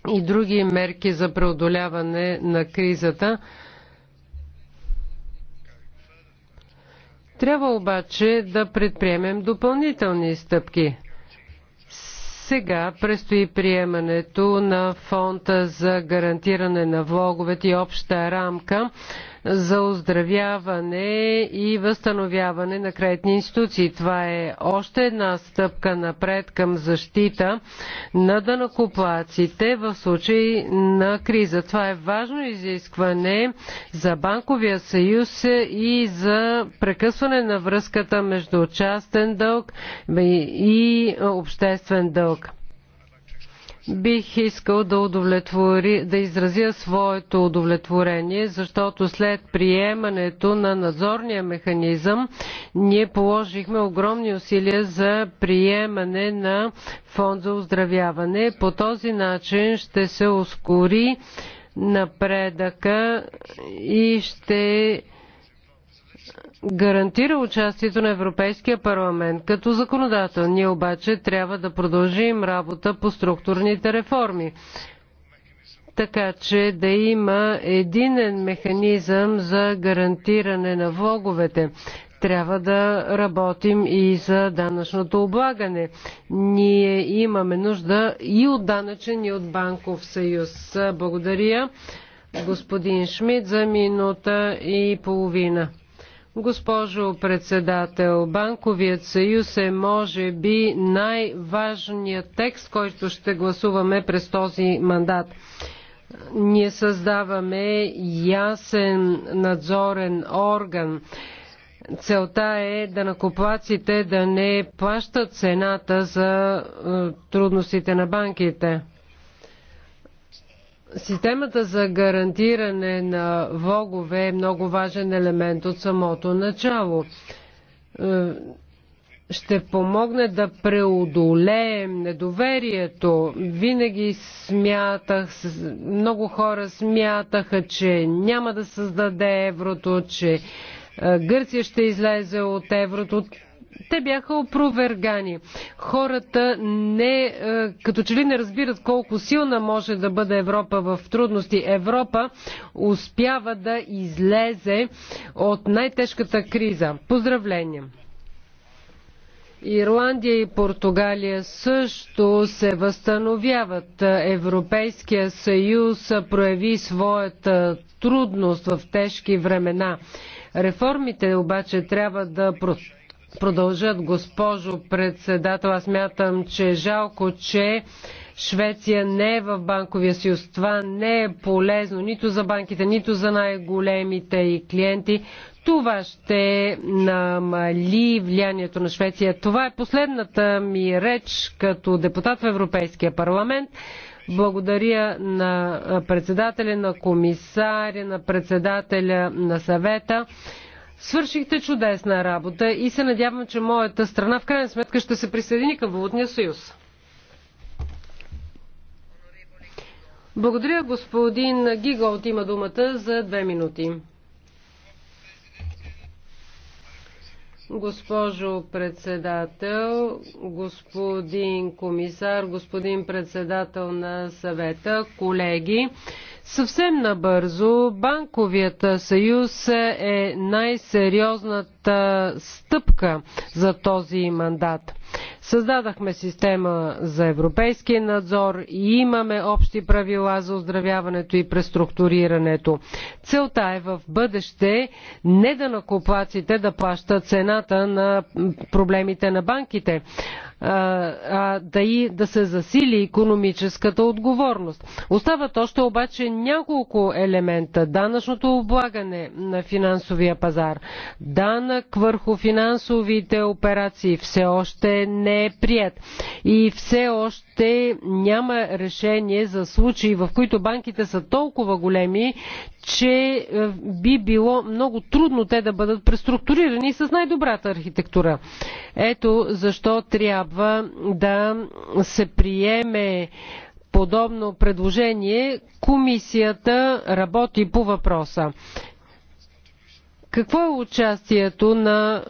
и други мерки за преодоляване на кризата. Трябва обаче да предприемем допълнителни стъпки. Сега предстои приемането на фонда за гарантиране на влоговете и обща рамка за оздравяване и възстановяване на кредитни институции. Това е още една стъпка напред към защита на данакоплаците в случай на криза. Това е важно изискване за банковия съюз и за прекъсване на връзката между частен дълг и обществен дълг бих искал да, удовлетвори, да изразя своето удовлетворение, защото след приемането на надзорния механизъм ние положихме огромни усилия за приемане на фонд за оздравяване. По този начин ще се ускори напредъка и ще гарантира участието на Европейския парламент като законодател. Ние обаче трябва да продължим работа по структурните реформи, така че да има единен механизъм за гарантиране на влоговете. Трябва да работим и за данъчното облагане. Ние имаме нужда и от данъчен, и от банков съюз. Благодаря господин Шмидт за минута и половина. Госпожо председател, Банковият съюз е може би най-важният текст, който ще гласуваме през този мандат. Ние създаваме ясен надзорен орган. Целта е да накоплаците да не плащат цената за е, трудностите на банките. Системата за гарантиране на влогове е много важен елемент от самото начало. Е, ще помогне да преодолеем недоверието. Винаги смятах, много хора смятаха, че няма да създаде еврото, че е, Гърция ще излезе от еврото те бяха опровергани. Хората не, е, като че ли не разбират колко силна може да бъде Европа в трудности. Европа успява да излезе от най-тежката криза. Поздравления! Ирландия и Португалия също се възстановяват. Европейския съюз прояви своята трудност в тежки времена. Реформите обаче трябва да продължат, госпожо председател. Аз мятам, че е жалко, че Швеция не е в банковия съюз. Това не е полезно нито за банките, нито за най-големите и клиенти. Това ще намали влиянието на Швеция. Това е последната ми реч като депутат в Европейския парламент. Благодаря на председателя, на комисаря, на председателя на съвета. Свършихте чудесна работа и се надявам, че моята страна в крайна сметка ще се присъедини към Валутния съюз. Благодаря, господин Гиголт има думата за две минути. Госпожо председател, господин комисар, господин председател на съвета, колеги, Съвсем набързо, Банковият съюз е най-сериозната стъпка за този мандат. Създадахме система за европейски надзор и имаме общи правила за оздравяването и преструктурирането. Целта е в бъдеще не да накоплаците да плащат цената на проблемите на банките, а да, и, да се засили економическата отговорност. Остават още обаче няколко елемента. Данъчното облагане на финансовия пазар, данък върху финансовите операции все още не е прият и все още няма решение за случаи, в които банките са толкова големи, че е, би било много трудно те да бъдат преструктурирани с най-добрата архитектура. Ето защо трябва да се приеме подобно предложение. Комисията работи по въпроса. Какво е участието на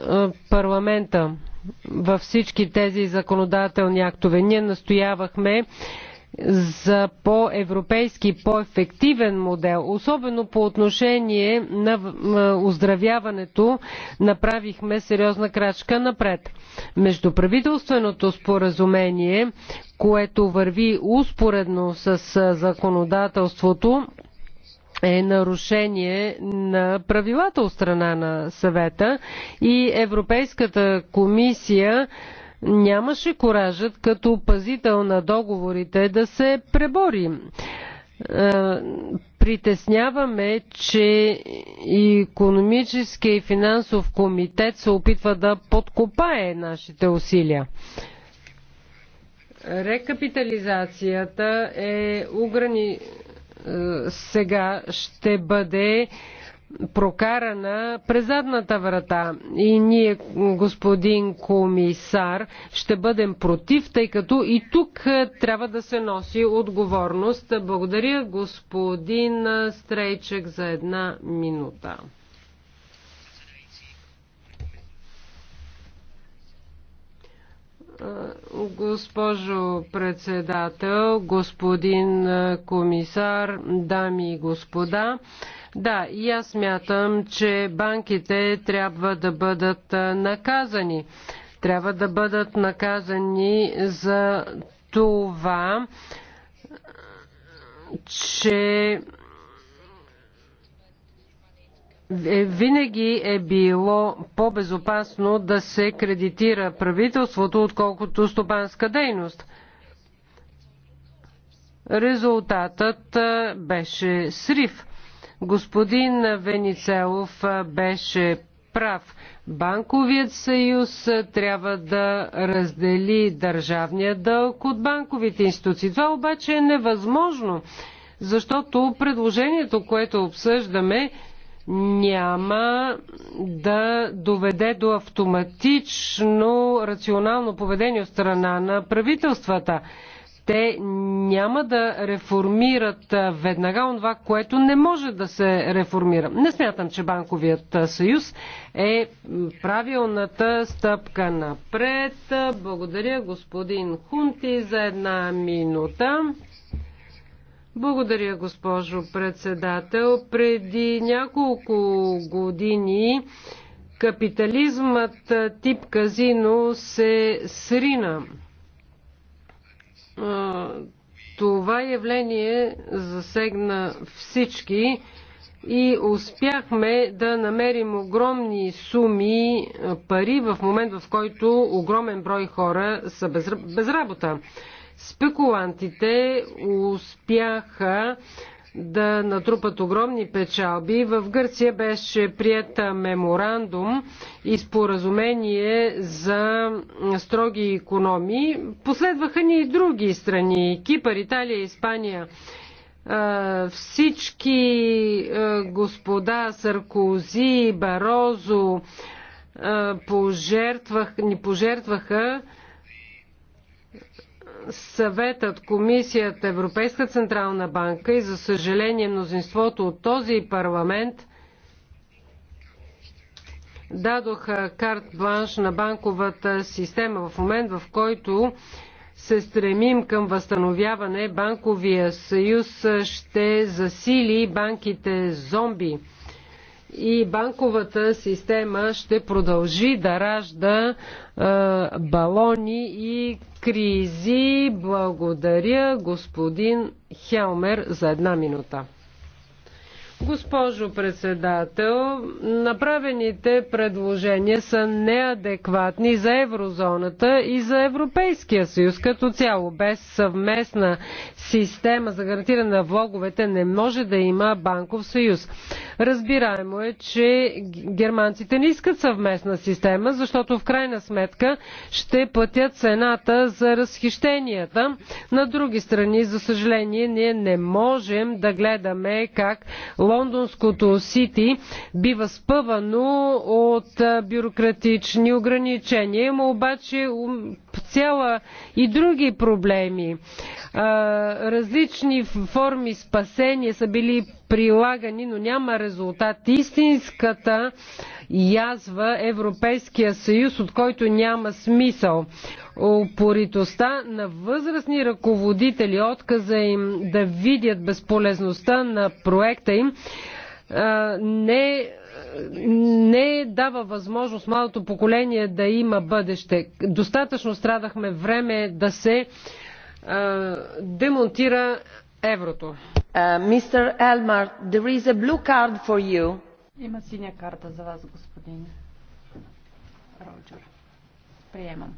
парламента във всички тези законодателни актове? Ние настоявахме за по-европейски, по-ефективен модел, особено по отношение на оздравяването, направихме сериозна крачка напред. Междуправителственото споразумение, което върви успоредно с законодателството, е нарушение на правилата от страна на съвета и Европейската комисия нямаше коражът като пазител на договорите да се пребори. Е, притесняваме, че и економическия и финансов комитет се опитва да подкопае нашите усилия. Рекапитализацията е ограни... Е, сега ще бъде прокарана през задната врата. И ние, господин комисар, ще бъдем против, тъй като и тук е, трябва да се носи отговорност. Благодаря господин Стрейчек за една минута. Госпожо председател, господин комисар, дами и господа, да, и аз мятам, че банките трябва да бъдат наказани. Трябва да бъдат наказани за това, че е, винаги е било по-безопасно да се кредитира правителството, отколкото стопанска дейност. Резултатът беше срив. Господин Веницелов беше прав. Банковият съюз трябва да раздели държавния дълг от банковите институции. Това обаче е невъзможно, защото предложението, което обсъждаме, няма да доведе до автоматично рационално поведение от страна на правителствата. Те няма да реформират веднага това, което не може да се реформира. Не смятам, че Банковият съюз е правилната стъпка напред. Благодаря господин Хунти за една минута. Благодаря, госпожо председател. Преди няколко години капитализмът тип казино се срина. Това явление засегна всички и успяхме да намерим огромни суми пари в момент, в който огромен брой хора са без, без работа. Спекулантите успяха да натрупат огромни печалби. В Гърция беше прията меморандум и споразумение за строги економии. Последваха ни и други страни Кипър, Италия, Испания. Всички господа Саркози, Барозо пожертвах, ни пожертваха съветът, комисията, Европейска централна банка и за съжаление мнозинството от този парламент дадоха карт бланш на банковата система в момент, в който се стремим към възстановяване, банковия съюз ще засили банките зомби и банковата система ще продължи да ражда е, балони и кризи. Благодаря господин Хелмер за една минута. Госпожо председател, направените предложения са неадекватни за еврозоната и за Европейския съюз като цяло. Без съвместна система за гарантиране на влоговете не може да има банков съюз. Разбираемо е, че германците не искат съвместна система, защото в крайна сметка ще платят цената за разхищенията на други страни. За съжаление, ние не можем да гледаме как лондонското Сити бива спъвано от бюрократични ограничения. Има обаче цяла и други проблеми. Различни форми спасения са били прилагани, но няма резултат. Истинската язва Европейския съюз, от който няма смисъл. Упоритостта на възрастни ръководители, отказа им да видят безполезността на проекта им, не, не дава възможност малото поколение да има бъдеще. Достатъчно страдахме време да се демонтира еврото. Uh, Mr. Elmar, there is a blue card for you. Има карта за вас, господин Роджер. Приемам.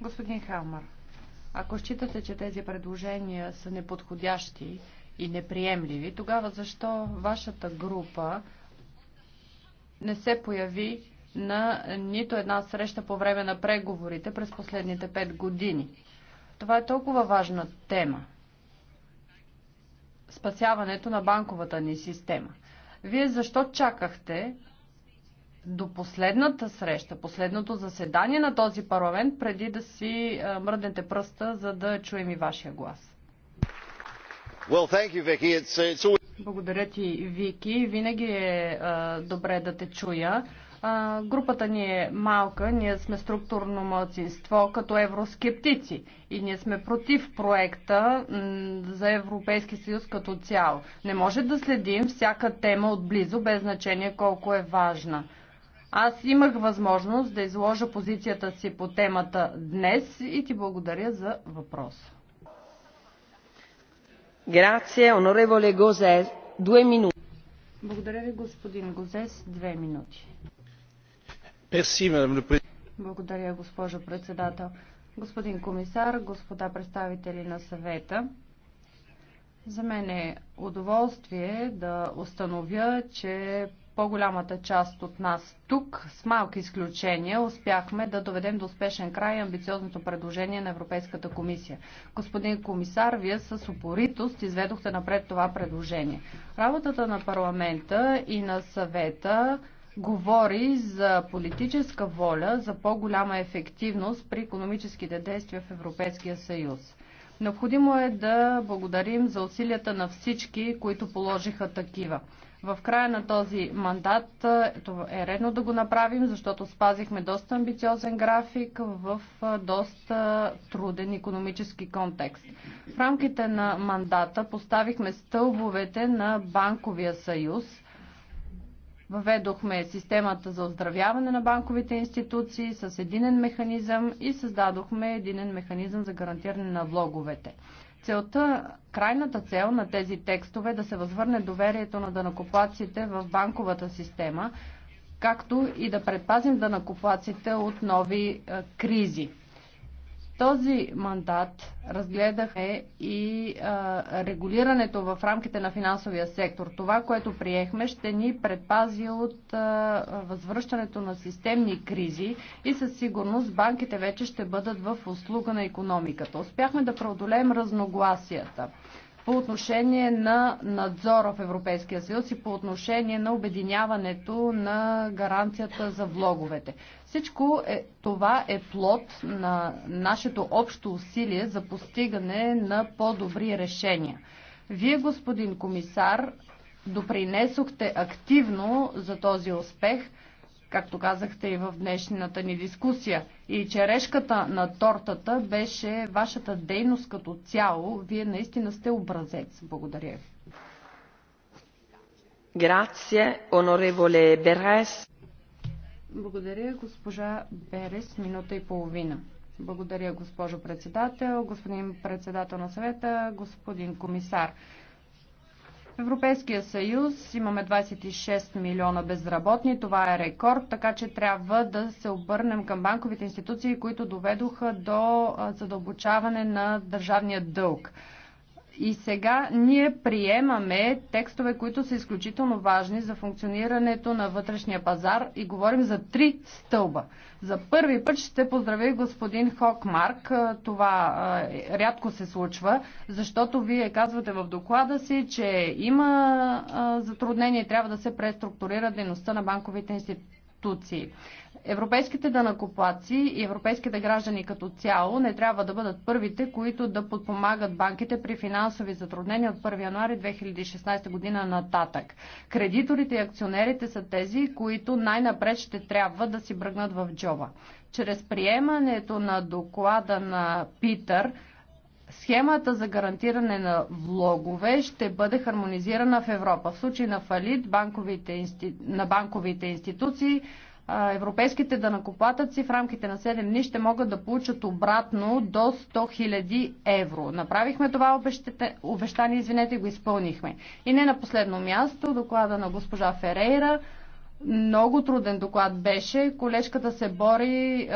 Господин Хелмар, ако считате, че тези предложения са неподходящи и неприемливи, тогава защо вашата група не се появи на нито една среща по време на преговорите през последните пет години? Това е толкова важна тема спасяването на банковата ни система. Вие защо чакахте до последната среща, последното заседание на този парламент, преди да си мръднете пръста, за да чуем и вашия глас? Well, thank you, Vicky. It's, it's... Благодаря ти, Вики. Винаги е, е добре да те чуя групата ни е малка, ние сме структурно младсинство като евроскептици и ние сме против проекта за Европейски съюз като цяло. Не може да следим всяка тема отблизо, без значение колко е важна. Аз имах възможност да изложа позицията си по темата днес и ти благодаря за въпроса. Грация, онореволе Гозе, две минути. Благодаря ви, господин Гозес. Две минути. Благодаря, госпожо председател. Господин комисар, господа представители на съвета, за мен е удоволствие да установя, че по-голямата част от нас тук, с малки изключения, успяхме да доведем до успешен край амбициозното предложение на Европейската комисия. Господин комисар, вие с упоритост изведохте напред това предложение. Работата на парламента и на съвета говори за политическа воля за по-голяма ефективност при економическите действия в Европейския съюз. Необходимо е да благодарим за усилията на всички, които положиха такива. В края на този мандат е, е редно да го направим, защото спазихме доста амбициозен график в е, доста труден економически контекст. В рамките на мандата поставихме стълбовете на Банковия съюз – Въведохме системата за оздравяване на банковите институции с единен механизъм и създадохме единен механизъм за гарантиране на влоговете. Целта, крайната цел на тези текстове е да се възвърне доверието на данакоплаците в банковата система, както и да предпазим данакоплаците от нови а, е, кризи този мандат разгледахме и а, регулирането в рамките на финансовия сектор. Това, което приехме, ще ни предпази от а, възвръщането на системни кризи и със сигурност банките вече ще бъдат в услуга на економиката. Успяхме да преодолеем разногласията по отношение на надзора в Европейския съюз и по отношение на обединяването на гаранцията за влоговете. Всичко е, това е плод на нашето общо усилие за постигане на по-добри решения. Вие, господин комисар, допринесохте активно за този успех – както казахте и в днешната ни дискусия. И черешката на тортата беше вашата дейност като цяло. Вие наистина сте образец. Благодаря ви. Грация, онореволе Берес. Благодаря, госпожа Берес, минута и половина. Благодаря, госпожо председател, господин председател на съвета, господин комисар. В Европейския съюз имаме 26 милиона безработни. Това е рекорд, така че трябва да се обърнем към банковите институции, които доведоха до задълбочаване на държавния дълг. И сега ние приемаме текстове, които са изключително важни за функционирането на вътрешния пазар и говорим за три стълба. За първи път ще поздравя господин Хокмарк. Това рядко се случва, защото вие казвате в доклада си, че има затруднение и трябва да се преструктурира дейността на банковите институции. Европейските данакоплаци и европейските граждани като цяло не трябва да бъдат първите, които да подпомагат банките при финансови затруднения от 1 януари 2016 година нататък. Кредиторите и акционерите са тези, които най-напред ще трябва да си бръгнат в джоба. Чрез приемането на доклада на Питър, Схемата за гарантиране на влогове ще бъде хармонизирана в Европа. В случай на фалит банковите инсти... на банковите институции европейските данакоплатъци в рамките на 7 дни ще могат да получат обратно до 100 000 евро. Направихме това обещание, извинете, го изпълнихме. И не на последно място, доклада на госпожа Ферейра. Много труден доклад беше. Колежката се бори е,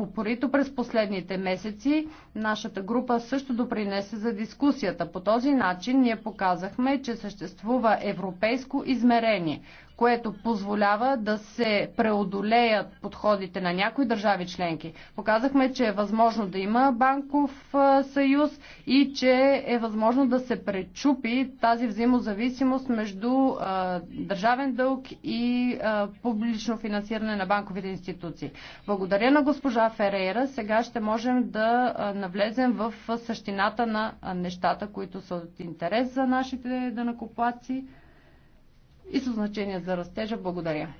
упорито през последните месеци. Нашата група също допринесе за дискусията. По този начин ние показахме, че съществува европейско измерение, което позволява да се преодолеят подходите на някои държави членки. Показахме, че е възможно да има банков съюз и че е възможно да се пречупи тази взаимозависимост между държавен дълг и публично финансиране на банковите институции. Благодаря на госпожа Ферейра. Сега ще можем да навлезем в същината на нещата, които са от интерес за нашите данакоплаци и са значение за растежа. Благодаря.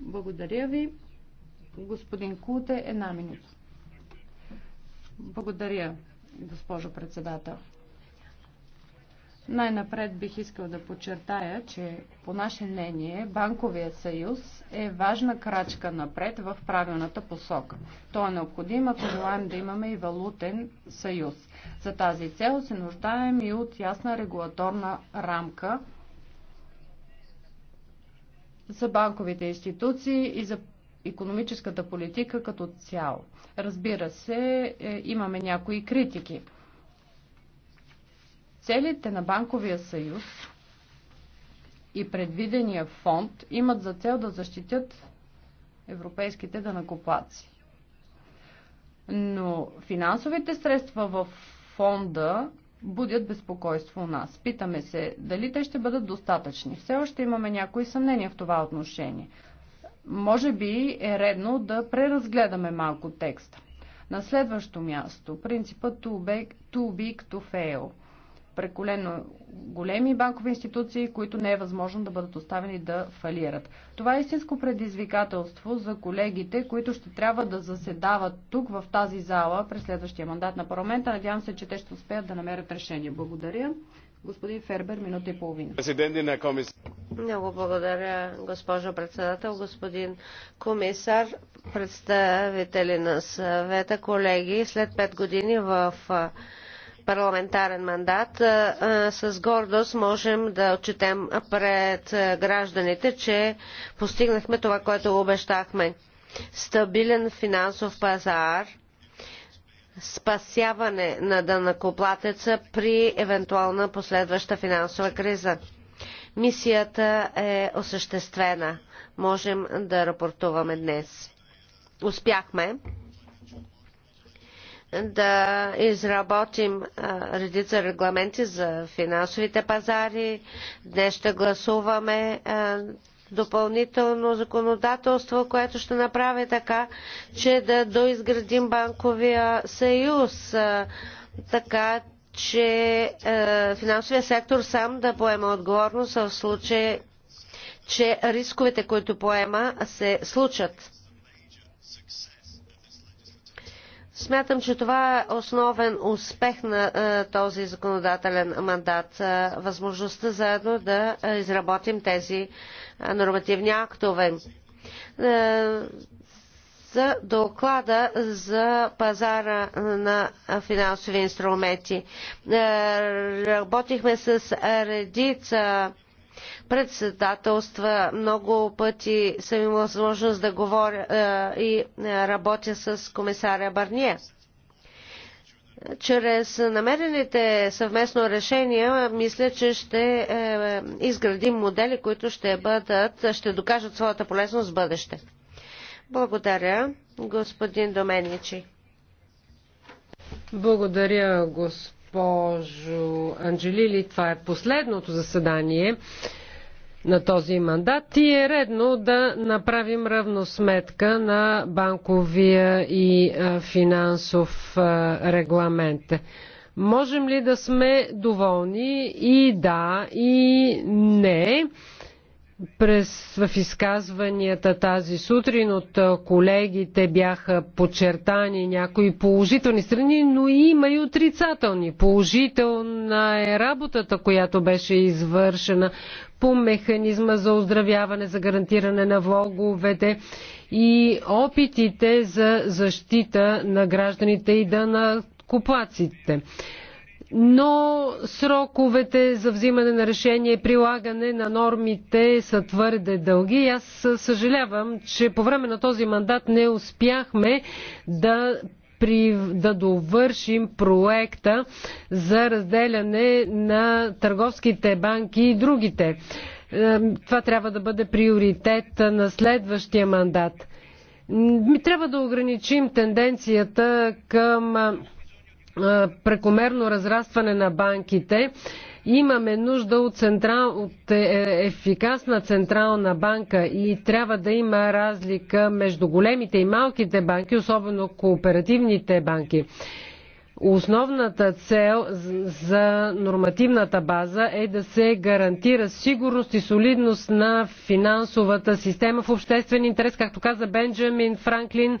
Благодаря ви. Господин Куте, една минута. Благодаря, госпожо председател. Най-напред бих искал да подчертая, че по наше мнение Банковия съюз е важна крачка напред в правилната посока. То е необходимо, ако желаем да имаме и валутен съюз. За тази цел се нуждаем и от ясна регулаторна рамка, за банковите институции и за економическата политика като цяло. Разбира се, е, имаме някои критики. Целите на Банковия съюз и предвидения фонд имат за цел да защитят европейските данакоплаци. Но финансовите средства в фонда будят безпокойство у нас. Питаме се дали те ще бъдат достатъчни. Все още имаме някои съмнения в това отношение. Може би е редно да преразгледаме малко текста. На следващо място, принципът too big, big to fail – преколено големи банкови институции, които не е възможно да бъдат оставени да фалират. Това е истинско предизвикателство за колегите, които ще трябва да заседават тук в тази зала през следващия мандат на парламента. Надявам се, че те ще успеят да намерят решение. Благодаря. Господин Фербер, минута и половина. Много благодаря, госпожо председател, господин комисар, представители на съвета, колеги. След пет години в парламентарен мандат, с гордост можем да отчетем пред гражданите, че постигнахме това, което обещахме. Стабилен финансов пазар, спасяване на дънакоплатеца при евентуална последваща финансова криза. Мисията е осъществена. Можем да рапортуваме днес. Успяхме да изработим редица регламенти за финансовите пазари. Днес ще гласуваме допълнително законодателство, което ще направи така, че да доизградим банковия съюз, така че финансовия сектор сам да поема отговорност в случай, че рисковете, които поема, се случат. Смятам, че това е основен успех на е, този законодателен мандат. Е, възможността заедно да изработим тези е, нормативни актове. За доклада за пазара на финансови инструменти. Работихме с редица председателства. Много пъти съм имала възможност да говоря е, и е, работя с комисаря Барния. Чрез намерените съвместно решения, мисля, че ще е, изградим модели, които ще бъдат, ще докажат своята полезност в бъдеще. Благодаря, господин Доменичи. Благодаря, господин госпожо Анджелили. Това е последното заседание на този мандат и е редно да направим равносметка на банковия и финансов регламент. Можем ли да сме доволни и да, и не? През, в изказванията тази сутрин от колегите бяха подчертани някои положителни страни, но има и отрицателни. Положителна е работата, която беше извършена по механизма за оздравяване, за гарантиране на влоговете и опитите за защита на гражданите и да на купаците но сроковете за взимане на решение и прилагане на нормите са твърде дълги. аз съжалявам, че по време на този мандат не успяхме да при, да довършим проекта за разделяне на търговските банки и другите. Е, това трябва да бъде приоритет на следващия мандат. Трябва да ограничим тенденцията към прекомерно разрастване на банките. Имаме нужда от, централ, от е, е, ефикасна централна банка и трябва да има разлика между големите и малките банки, особено кооперативните банки. Основната цел за нормативната база е да се гарантира сигурност и солидност на финансовата система в обществен интерес, както каза Бенджамин Франклин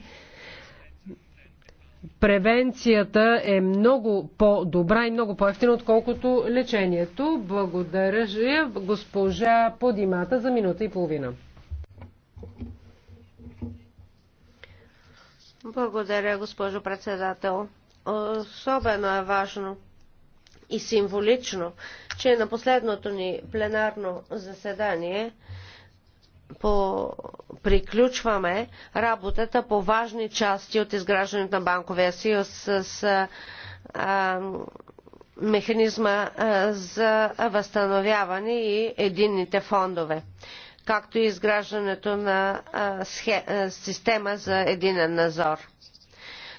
превенцията е много по-добра и много по-ефтина, отколкото лечението. Благодаря госпожа Подимата за минута и половина. Благодаря, госпожо председател. Особено е важно и символично, че на последното ни пленарно заседание по... приключваме работата по важни части от изграждането на банковия съюз с, с а, механизма за възстановяване и единните фондове, както и изграждането на а, схе... система за единен надзор.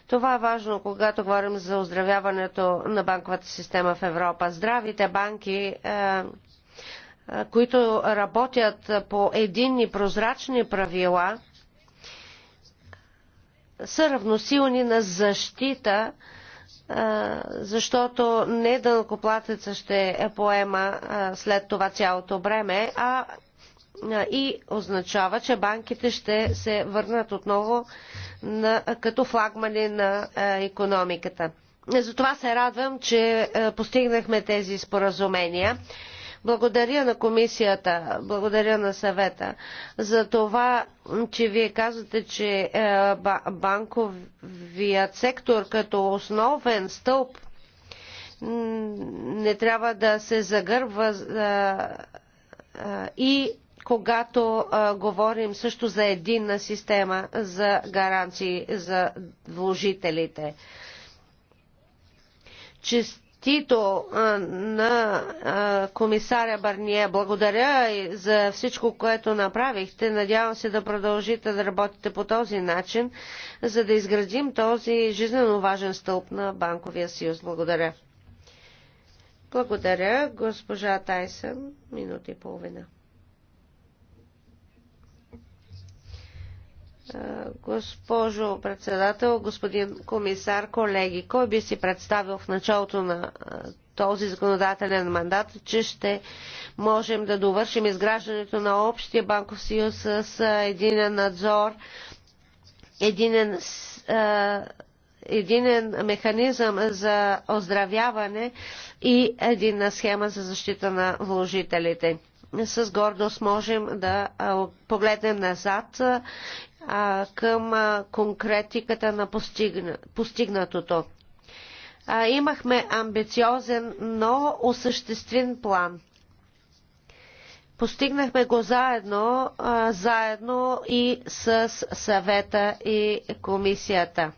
Това е важно, когато говорим за оздравяването на банковата система в Европа. Здравите банки а, които работят по единни прозрачни правила, са равносилни на защита, защото не дълкоплатеца ще поема след това цялото бреме, а и означава, че банките ще се върнат отново на, като флагмани на економиката. Затова се радвам, че постигнахме тези споразумения. Благодаря на комисията, благодаря на съвета за това, че вие казвате, че е, банковият сектор като основен стълб не трябва да се загърбва е, е, и когато говорим също за единна система за гаранции за вложителите. Чест честито на комисаря Барния. Благодаря за всичко, което направихте. Надявам се да продължите да работите по този начин, за да изградим този жизненно важен стълб на Банковия съюз. Благодаря. Благодаря, госпожа Тайсън. Минута и половина. Госпожо председател, господин комисар, колеги, кой би си представил в началото на този законодателен мандат, че ще можем да довършим изграждането на общия банков съюз с единен надзор, единен, единен механизъм за оздравяване и единна схема за защита на вложителите с гордост можем да погледнем назад а, към а, конкретиката на постигна, постигнатото. А, имахме амбициозен, но осъществен план. Постигнахме го заедно, а, заедно и с съвета и комисията.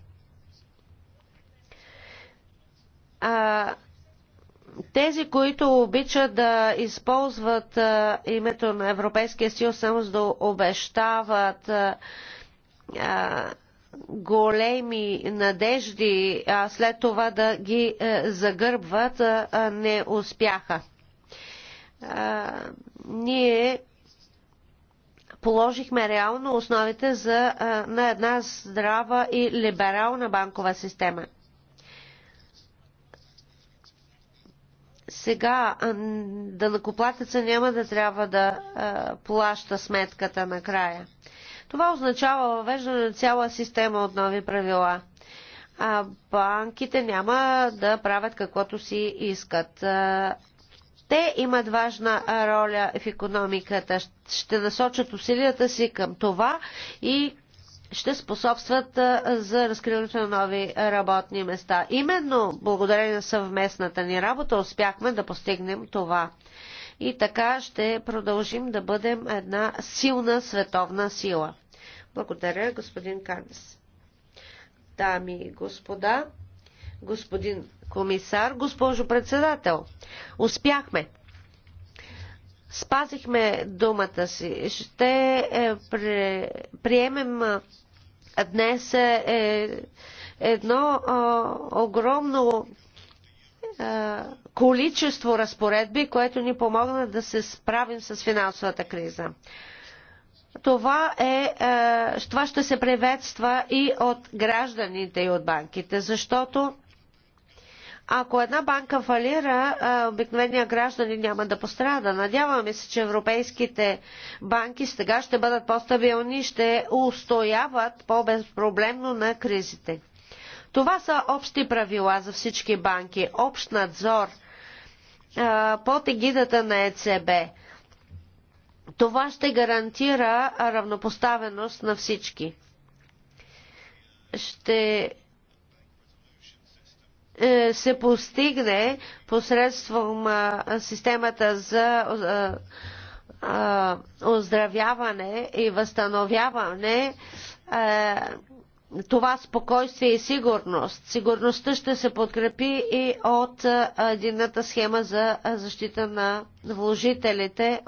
А, тези, които обичат да използват името на Европейския съюз само за да обещават големи надежди, а след това да ги загърбват, не успяха. Ние положихме реално основите за, на една здрава и либерална банкова система. сега дълъкоплатеца няма да трябва да а, плаща сметката накрая. Това означава въвеждане на цяла система от нови правила. А банките няма да правят каквото си искат. те имат важна роля в економиката. Ще насочат усилията си към това и ще способстват за разкриването на нови работни места. Именно благодарение на съвместната ни работа успяхме да постигнем това. И така ще продължим да бъдем една силна световна сила. Благодаря, господин Карнес. Дами и господа, господин комисар, госпожо председател, успяхме спазихме думата си. Ще е, приемем днес е, е едно а, огромно а, количество разпоредби, което ни помогна да се справим с финансовата криза. Това, е, а, това ще се приветства и от гражданите и от банките, защото ако една банка фалира, обикновения граждани няма да пострада. Надяваме се, че европейските банки сега ще бъдат по-стабилни и ще устояват по-безпроблемно на кризите. Това са общи правила за всички банки, общ надзор под егидата на ЕЦБ. Това ще гарантира равнопоставеност на всички. Ще е, се постигне посредством системата за оздравяване и възстановяване е, това спокойствие и сигурност. Сигурността ще се подкрепи и от единната схема за защита на вложителите.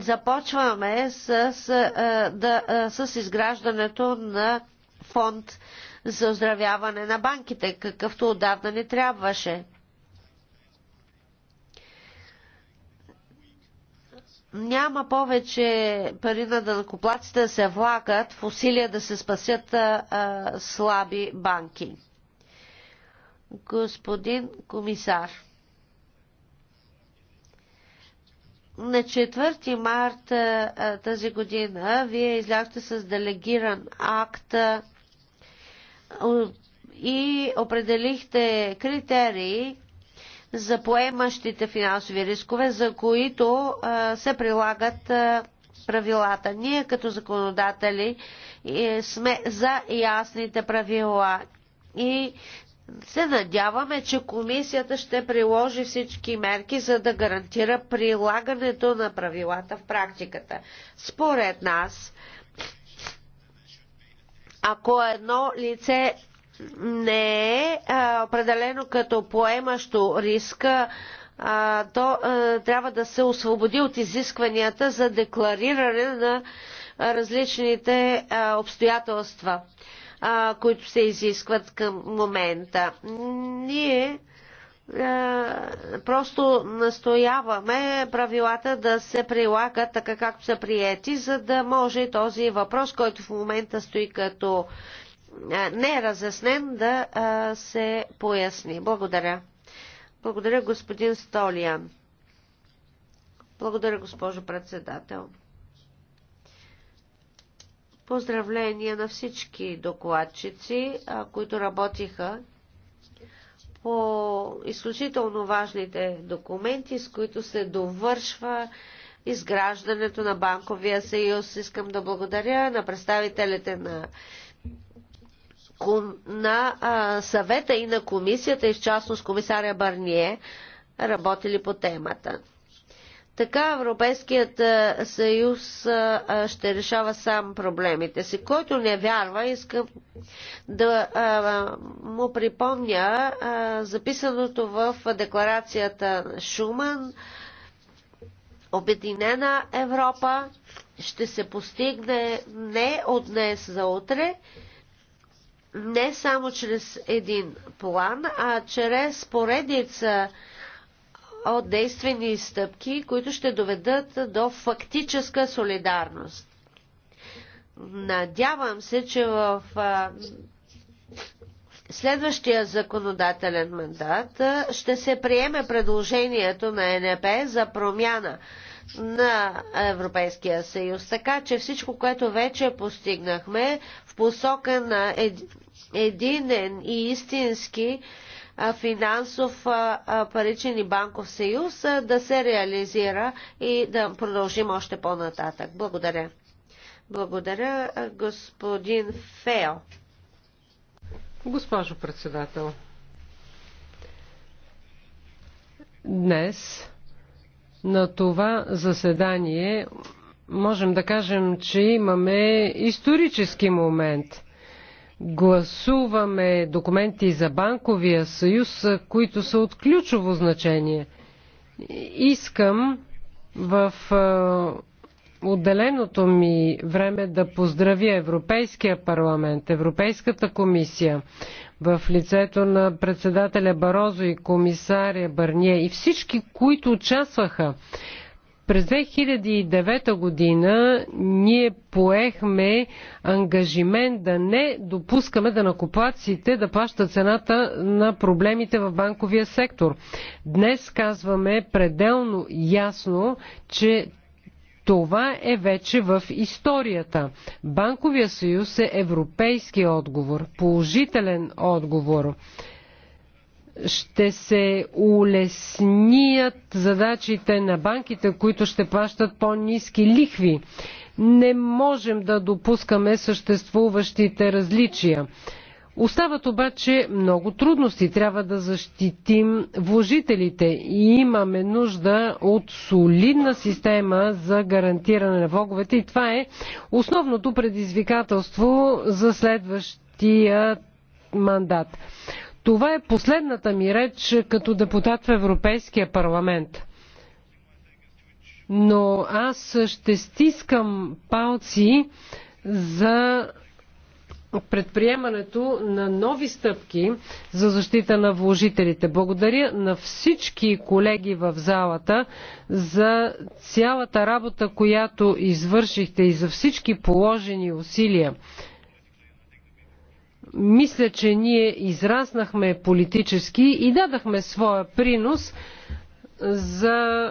Започваме с, с, е, да, с изграждането на фонд за оздравяване на банките, какъвто отдавна не трябваше. няма повече пари на дънакоплаците да се влагат в усилия да се спасят а, а, слаби банки. Господин комисар, на 4 март тази година вие изляхте с делегиран акт а, и определихте критерии за поемащите финансови рискове, за които се прилагат правилата. Ние като законодатели сме за ясните правила и се надяваме, че комисията ще приложи всички мерки, за да гарантира прилагането на правилата в практиката. Според нас, ако едно лице не е а, определено като поемащо риска, а, то а, трябва да се освободи от изискванията за деклариране на различните а, обстоятелства, а, които се изискват към момента. Ние е, просто настояваме правилата да се прилагат така както са приети, за да може този въпрос, който в момента стои като е, неразяснен, да е, се поясни. Благодаря. Благодаря, господин Столиян. Благодаря, госпожо председател. Поздравления на всички докладчици, които работиха по изключително важните документи, с които се довършва изграждането на Банковия съюз. Искам да благодаря на представителите на на а, съвета и на комисията, и в частност комисаря Барние, работили по темата. Така Европейският е, съюз е, е, ще решава сам проблемите си. Който не вярва, искам да му припомня записаното в декларацията Шуман. Обединена Европа ще се постигне не от днес за утре, не само чрез един план, а чрез поредица от действени стъпки, които ще доведат до фактическа солидарност. Надявам се, че в следващия законодателен мандат ще се приеме предложението на НП за промяна на Европейския съюз. Така че всичко, което вече постигнахме в посока на единен и истински финансов паричен и банков съюз да се реализира и да продължим още по-нататък. Благодаря. Благодаря, господин Фео. Госпожо председател, днес на това заседание можем да кажем, че имаме исторически момент – гласуваме документи за банковия съюз, които са от ключово значение. Искам в отделеното ми време да поздравя Европейския парламент, Европейската комисия, в лицето на председателя Барозо и комисаря Барние и всички, които участваха през 2009 година ние поехме ангажимент да не допускаме да накоплаците да плащат цената на проблемите в банковия сектор. Днес казваме пределно ясно, че това е вече в историята. Банковия съюз е европейски отговор, положителен отговор ще се улеснят задачите на банките, които ще плащат по-низки лихви. Не можем да допускаме съществуващите различия. Остават обаче много трудности. Трябва да защитим вложителите и имаме нужда от солидна система за гарантиране на влоговете и това е основното предизвикателство за следващия мандат. Това е последната ми реч като депутат в Европейския парламент. Но аз ще стискам палци за предприемането на нови стъпки за защита на вложителите. Благодаря на всички колеги в залата за цялата работа, която извършихте и за всички положени усилия мисля, че ние израснахме политически и дадахме своя принос за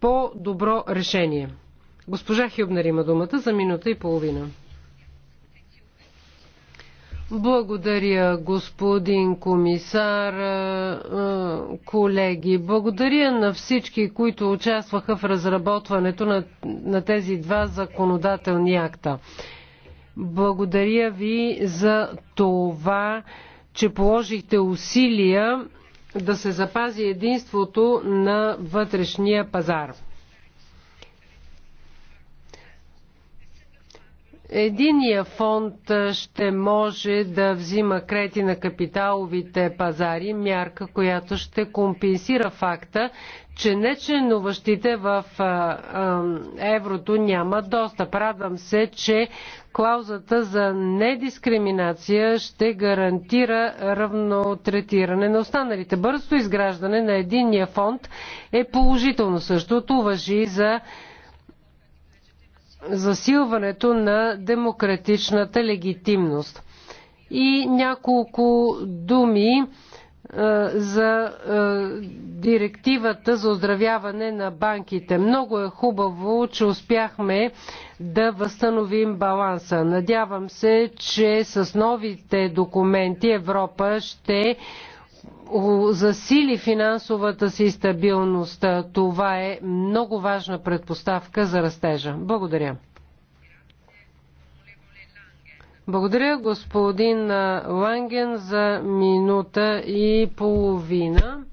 по-добро решение. Госпожа Хюбнер има думата за минута и половина. Благодаря, господин комисар, колеги. Благодаря на всички, които участваха в разработването на, на тези два законодателни акта. Благодаря ви за това, че положихте усилия да се запази единството на вътрешния пазар. Единия фонд ще може да взима крети на капиталовите пазари, мярка, която ще компенсира факта, че не членуващите в еврото няма достъп. Радвам се, че клаузата за недискриминация ще гарантира равно третиране на останалите. Бързо изграждане на единния фонд е положително. Същото въжи за засилването на демократичната легитимност. И няколко думи за директивата за оздравяване на банките. Много е хубаво, че успяхме да възстановим баланса. Надявам се, че с новите документи Европа ще засили финансовата си стабилност. Това е много важна предпоставка за растежа. Благодаря. Благодаря господин Ланген за минута и половина.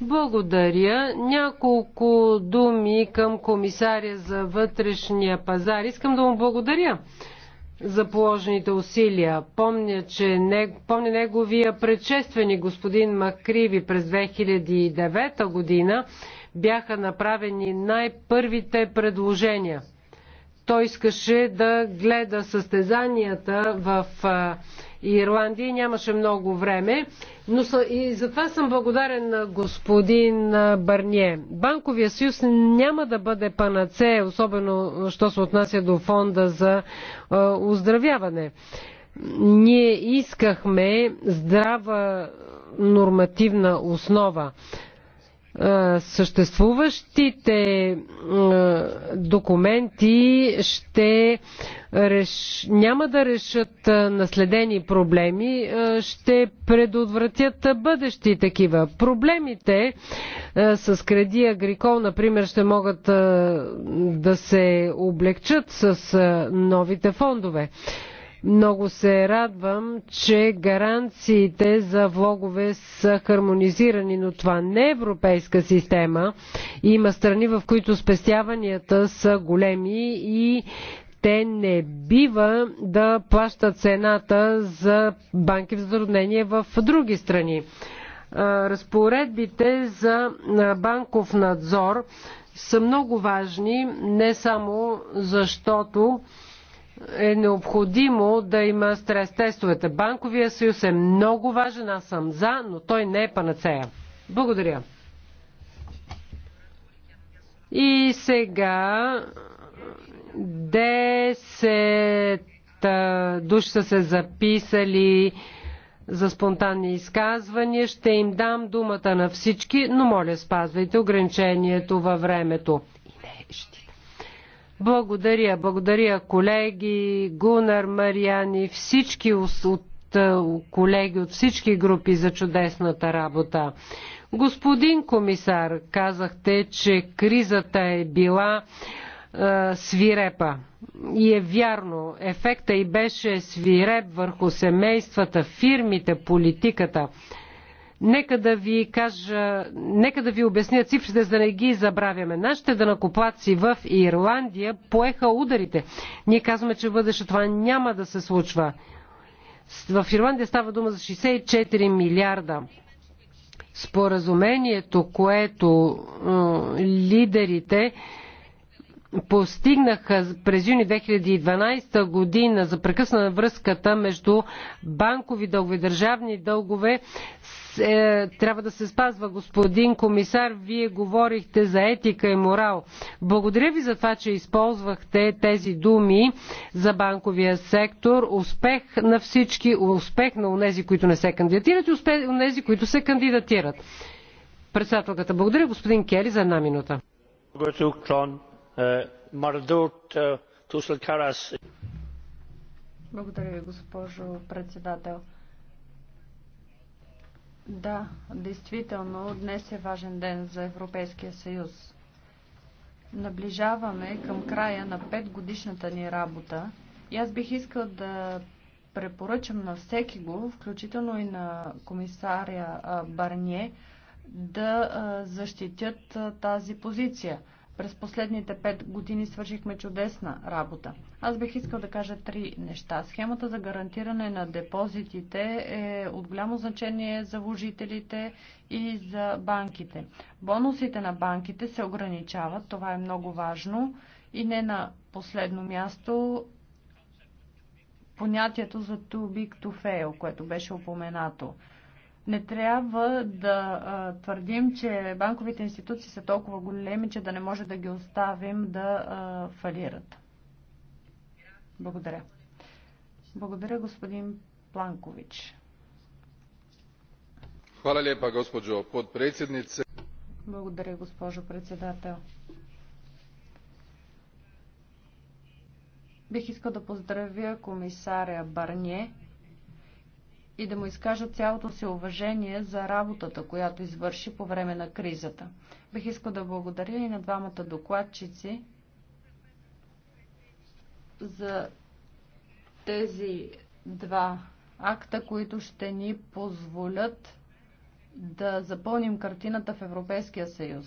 Благодаря. Няколко думи към комисаря за вътрешния пазар. Искам да му благодаря за положените усилия. Помня, че не, помня неговия предшественик господин Макриви през 2009 година бяха направени най-първите предложения. Той искаше да гледа състезанията в Ирландия нямаше много време. Но и затова съм благодарен на господин Барние. Банковия съюз няма да бъде панаце, особено що се отнася до фонда за оздравяване. Ние искахме здрава нормативна основа съществуващите документи ще реш... няма да решат наследени проблеми, ще предотвратят бъдещи такива. Проблемите с креди Агрикол, например, ще могат да се облегчат с новите фондове. Много се радвам, че гаранциите за влогове са хармонизирани, но това не е европейска система. Има страни, в които спестяванията са големи и те не бива да плащат цената за банки в затруднение в други страни. Разпоредбите за банков надзор са много важни, не само защото е необходимо да има стрес тестовете. Банковия съюз е много важен, аз съм за, но той не е панацея. Благодаря. И сега 10 души са се записали за спонтанни изказвания. Ще им дам думата на всички, но моля спазвайте ограничението във времето. И не, ще благодаря, благодаря колеги, Гунар, Мариани, всички от е, колеги от всички групи за чудесната работа. Господин комисар, казахте, че кризата е била е, свирепа. И е вярно, ефекта и беше свиреп върху семействата, фирмите, политиката. Нека да ви кажа, нека да ви обясня цифрите, за да не ги забравяме. Нашите данакоплаци в Ирландия поеха ударите. Ние казваме, че в бъдеще това няма да се случва. В Ирландия става дума за 64 милиарда. Споразумението, което лидерите постигнаха през юни 2012 година за прекъсна връзката между банкови дългове и държавни дългове е, трябва да се спазва. Господин комисар, вие говорихте за етика и морал. Благодаря ви за това, че използвахте тези думи за банковия сектор. Успех на всички, успех на унези, които не се кандидатират и успех на унези, които се кандидатират. Председателката, благодаря господин Кели за една минута. Благодаря ви, госпожо председател. Да, действително, днес е важен ден за Европейския съюз. Наближаваме към края на петгодишната ни работа и аз бих искал да препоръчам на всеки го, включително и на комисаря Барние, да защитят тази позиция – през последните пет години свършихме чудесна работа. Аз бих искал да кажа три неща. Схемата за гарантиране на депозитите е от голямо значение за вложителите и за банките. Бонусите на банките се ограничават, това е много важно. И не на последно място понятието за too big to fail, което беше упоменато. Не трябва да а, твърдим, че банковите институции са толкова големи, че да не може да ги оставим да а, фалират. Благодаря. Благодаря, господин Планкович. Хвала лепа, госпожо potpredsjednice. Благодаря, госпожо председател. Бих искал да поздравя комисаря Барние и да му изкажа цялото си уважение за работата, която извърши по време на кризата. Бих искал да благодаря и на двамата докладчици за тези два акта, които ще ни позволят да запълним картината в Европейския съюз.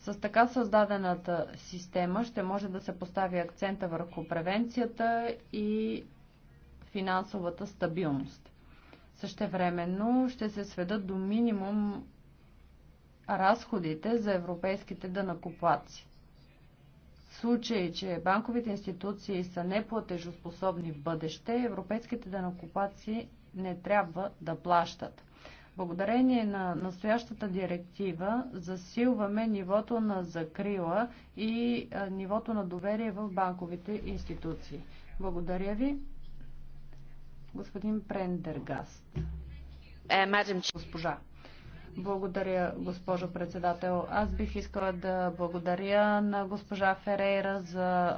С така създадената система ще може да се постави акцента върху превенцията и финансовата стабилност. Същевременно ще се сведат до минимум разходите за европейските дънакоплаци. В случай, че банковите институции са неплатежоспособни в бъдеще, европейските дънакоплаци не трябва да плащат. Благодарение на настоящата директива засилваме нивото на закрила и нивото на доверие в банковите институции. Благодаря ви. Господин Прендергаст. Е, госпожа. Благодаря, госпожо председател. Аз бих искала да благодаря на госпожа Ферейра за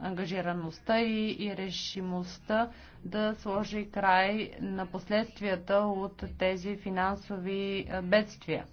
ангажираността и, и решимостта да сложи край на последствията от тези финансови бедствия,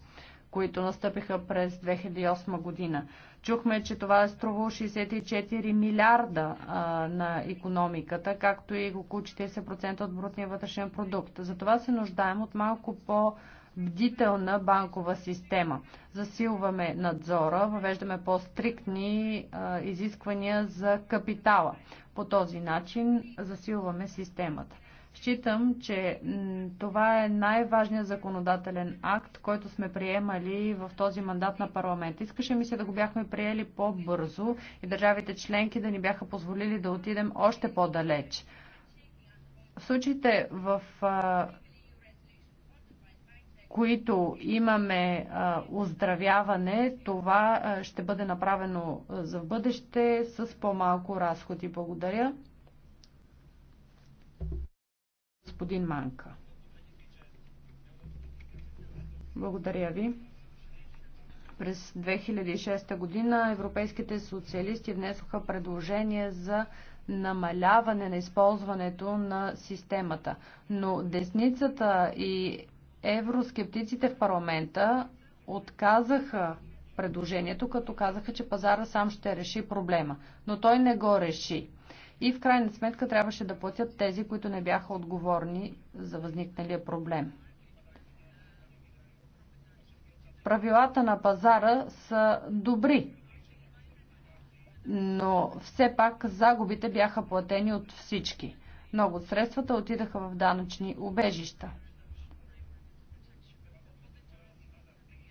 които настъпиха през 2008 година. Чухме, че това е струвало 64 милиарда а, на економиката, както и около 40% от брутния вътрешен продукт. Затова се нуждаем от малко по- бдителна банкова система. Засилваме надзора, въвеждаме по-стриктни изисквания за капитала. По този начин засилваме системата. Считам, че това е най-важният законодателен акт, който сме приемали в този мандат на парламент. Искаше ми се да го бяхме приели по-бързо и държавите членки да ни бяха позволили да отидем още по-далеч. В случаите, в които имаме оздравяване, това ще бъде направено за бъдеще с по-малко разходи. Благодаря. Господин Манка. Благодаря ви. През 2006 година европейските социалисти внесоха предложение за намаляване на използването на системата. Но десницата и евроскептиците в парламента отказаха предложението, като казаха, че пазара сам ще реши проблема. Но той не го реши и в крайна сметка трябваше да платят тези, които не бяха отговорни за възникналия проблем. Правилата на пазара са добри, но все пак загубите бяха платени от всички. Много от средствата отидаха в данъчни убежища.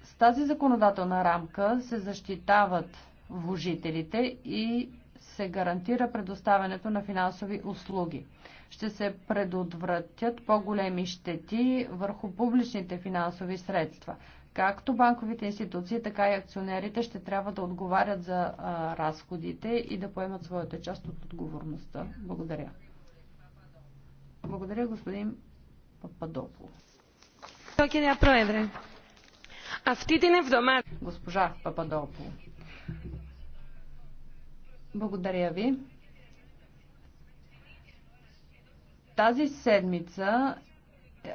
С тази законодателна рамка се защитават вложителите и се гарантира предоставянето на финансови услуги. Ще се предотвратят по-големи щети върху публичните финансови средства. Както банковите институции, така и акционерите ще трябва да отговарят за а, разходите и да поемат своята част от отговорността. Благодаря. Благодаря, господин Пападопол. Госпожа Пападопол. Благодаря ви. Тази седмица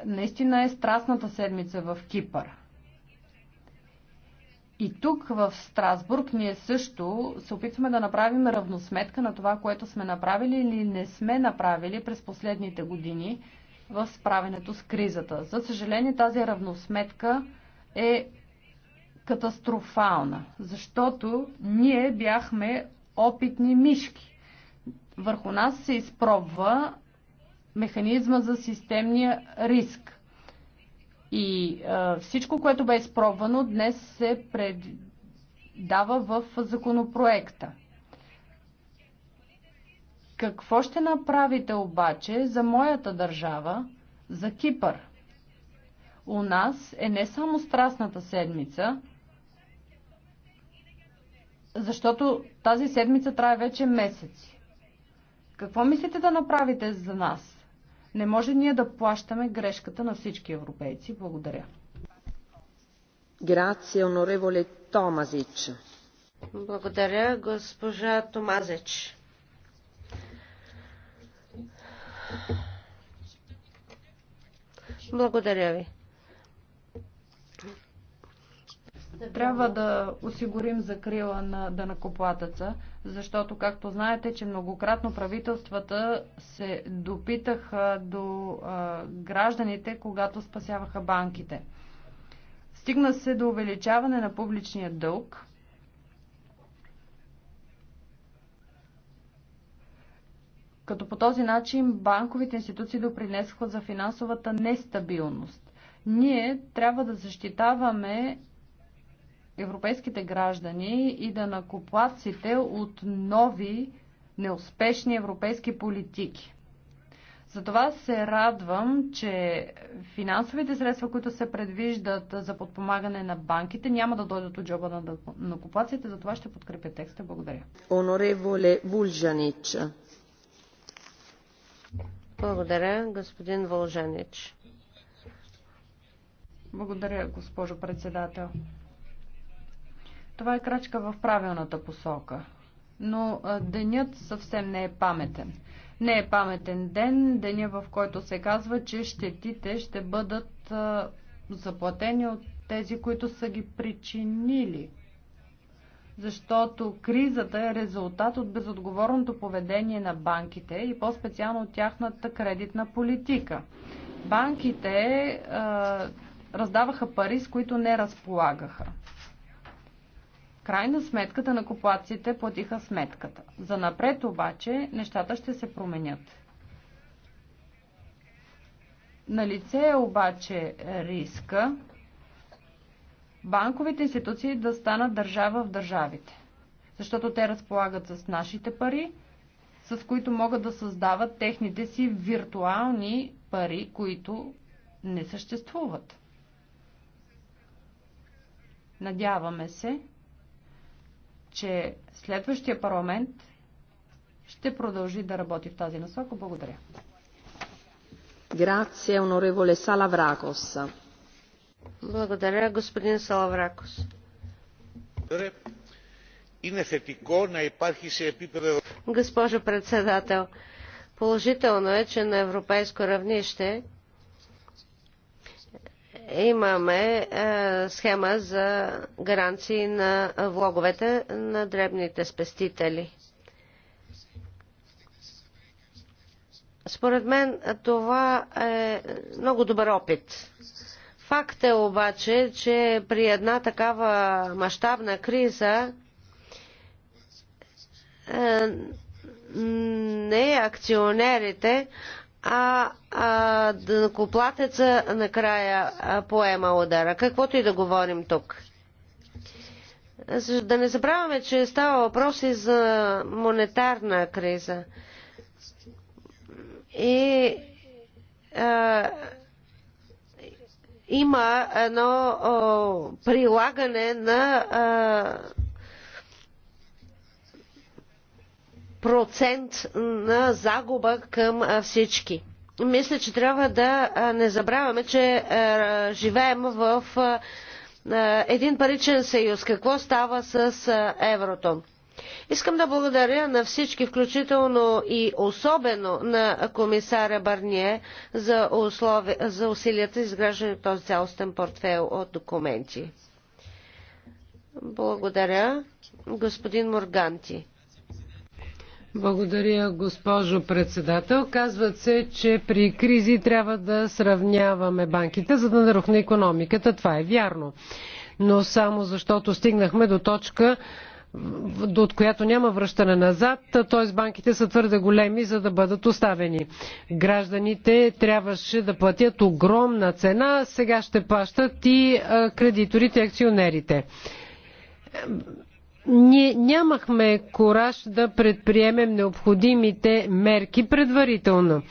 наистина е страстната седмица в Кипър. И тук в Страсбург ние също се опитваме да направим равносметка на това, което сме направили или не сме направили през последните години в справенето с кризата. За съжаление тази равносметка е катастрофална, защото ние бяхме опитни мишки. Върху нас се изпробва механизма за системния риск. И а, всичко, което бе изпробвано, днес се предава в законопроекта. Какво ще направите обаче за моята държава, за Кипър? У нас е не само страстната седмица, защото тази седмица трае вече месеци. Какво мислите да направите за нас? Не може ние да плащаме грешката на всички европейци. Благодаря. Грация, онореволе Томазич. Благодаря, госпожа Томазич. Благодаря ви. Трябва да осигурим закрила на дънакоплатъца, защото, както знаете, че многократно правителствата се допитаха до а, гражданите, когато спасяваха банките. Стигна се до увеличаване на публичния дълг, като по този начин банковите институции допринесоха за финансовата нестабилност. Ние трябва да защитаваме европейските граждани и да накоплаците от нови неуспешни европейски политики. Затова се радвам, че финансовите средства, които се предвиждат за подпомагане на банките, няма да дойдат от джоба на накоплаците. Затова ще подкрепя текста. Благодаря. Онореволе Вулжанич. Благодаря, господин Вължанич. Благодаря, госпожо председател. Това е крачка в правилната посока. Но денят съвсем не е паметен. Не е паметен ден, деня в който се казва, че щетите ще бъдат заплатени от тези, които са ги причинили. Защото кризата е резултат от безотговорното поведение на банките и по-специално от тяхната кредитна политика. Банките а, раздаваха пари, с които не разполагаха крайна сметка на накоплаците платиха сметката. За напред обаче нещата ще се променят. На лице е обаче риска банковите институции да станат държава в държавите. Защото те разполагат с нашите пари, с които могат да създават техните си виртуални пари, които не съществуват. Надяваме се, че следващия парламент ще продължи да работи в тази насока. Благодаря. Грация, онореволе Салавракос. Благодаря, господин Салавракос. Е, Госпожо председател, положително е, че на европейско равнище имаме е, схема за гаранции на влоговете на дребните спестители. Според мен това е много добър опит. Факт е обаче, че при една такава мащабна криза е, не акционерите, а, а дънакоплатеца накрая поема удара. Каквото и да говорим тук. Да не забравяме, че става въпрос и за монетарна криза. И а, има едно о, прилагане на а, процент на загуба към всички. Мисля, че трябва да не забравяме, че живеем в един паричен съюз. Какво става с еврото? Искам да благодаря на всички, включително и особено на комисаря Барние за, услови... за усилията изграждане на този цялостен портфел от документи. Благодаря. Господин Морганти. Благодаря, госпожо председател. Казват се, че при кризи трябва да сравняваме банките, за да не рухне економиката. Това е вярно. Но само защото стигнахме до точка, от която няма връщане назад, т.е. банките са твърде големи, за да бъдат оставени. Гражданите трябваше да платят огромна цена, сега ще плащат и кредиторите, и акционерите ние нямахме кораж да предприемем необходимите мерки предварително.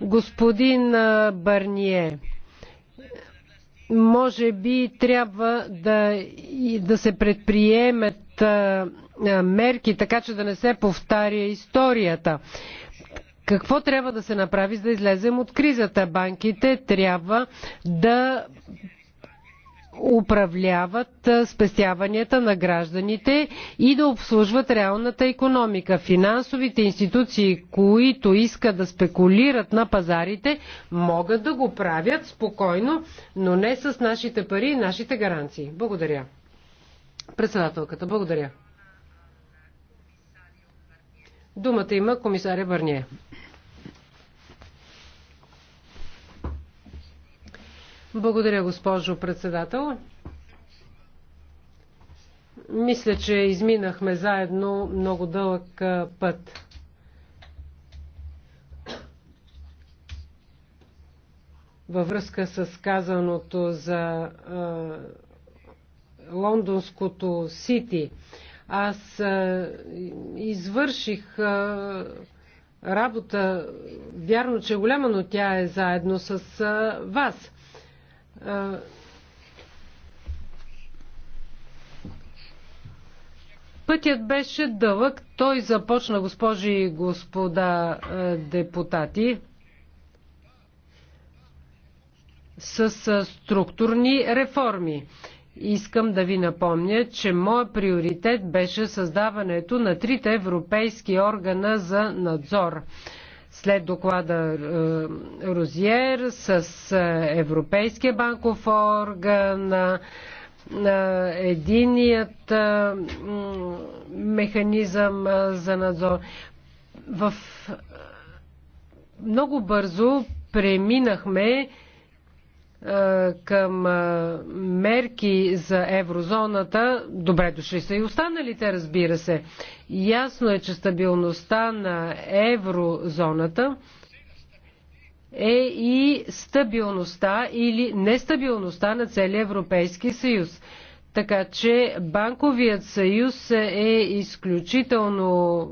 Господин Барние, може би трябва да, да се предприемат мерки, така че да не се повтаря историята. Какво трябва да се направи за да излезем от кризата? Банките трябва да управляват спестяванията на гражданите и да обслужват реалната економика. Финансовите институции, които искат да спекулират на пазарите, могат да го правят спокойно, но не с нашите пари и нашите гаранции. Благодаря. Председателката, благодаря. Думата има комисаря Бърния. Благодаря, госпожо председател. Мисля, че изминахме заедно много дълъг път. Във връзка с казаното за лондонското Сити. Аз извърших работа, вярно, че е голяма, но тя е заедно с вас. Пътят беше дълъг. Той започна, госпожи и господа депутати, с структурни реформи. Искам да ви напомня, че моят приоритет беше създаването на трите европейски органа за надзор след доклада е, Розиер с е, Европейския банков орган, е, единият механизъм за надзор. В много бързо преминахме е, към е, мерки за еврозоната, добре дошли са и останалите, разбира се. Ясно е, че стабилността на еврозоната е и стабилността или нестабилността на целия Европейски съюз. Така че банковият съюз е изключително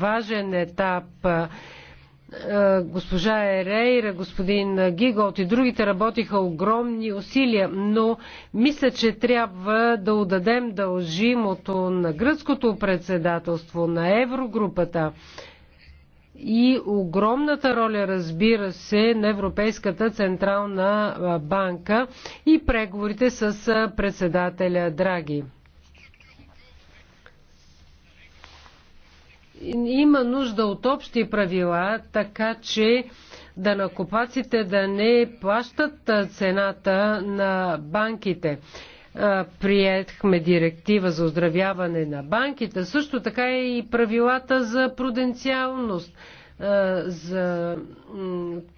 важен етап е, е, госпожа Ерейра, господин Гиголт и другите работиха огромни усилия, но мисля, че трябва да отдадем дължимото на гръцкото председателство, на Еврогрупата и огромната роля, разбира се, на Европейската централна банка и преговорите с председателя Драги. Има нужда от общи правила, така че да накопаците да не плащат цената на банките. Приехме директива за оздравяване на банките, също така и правилата за пруденциалност, за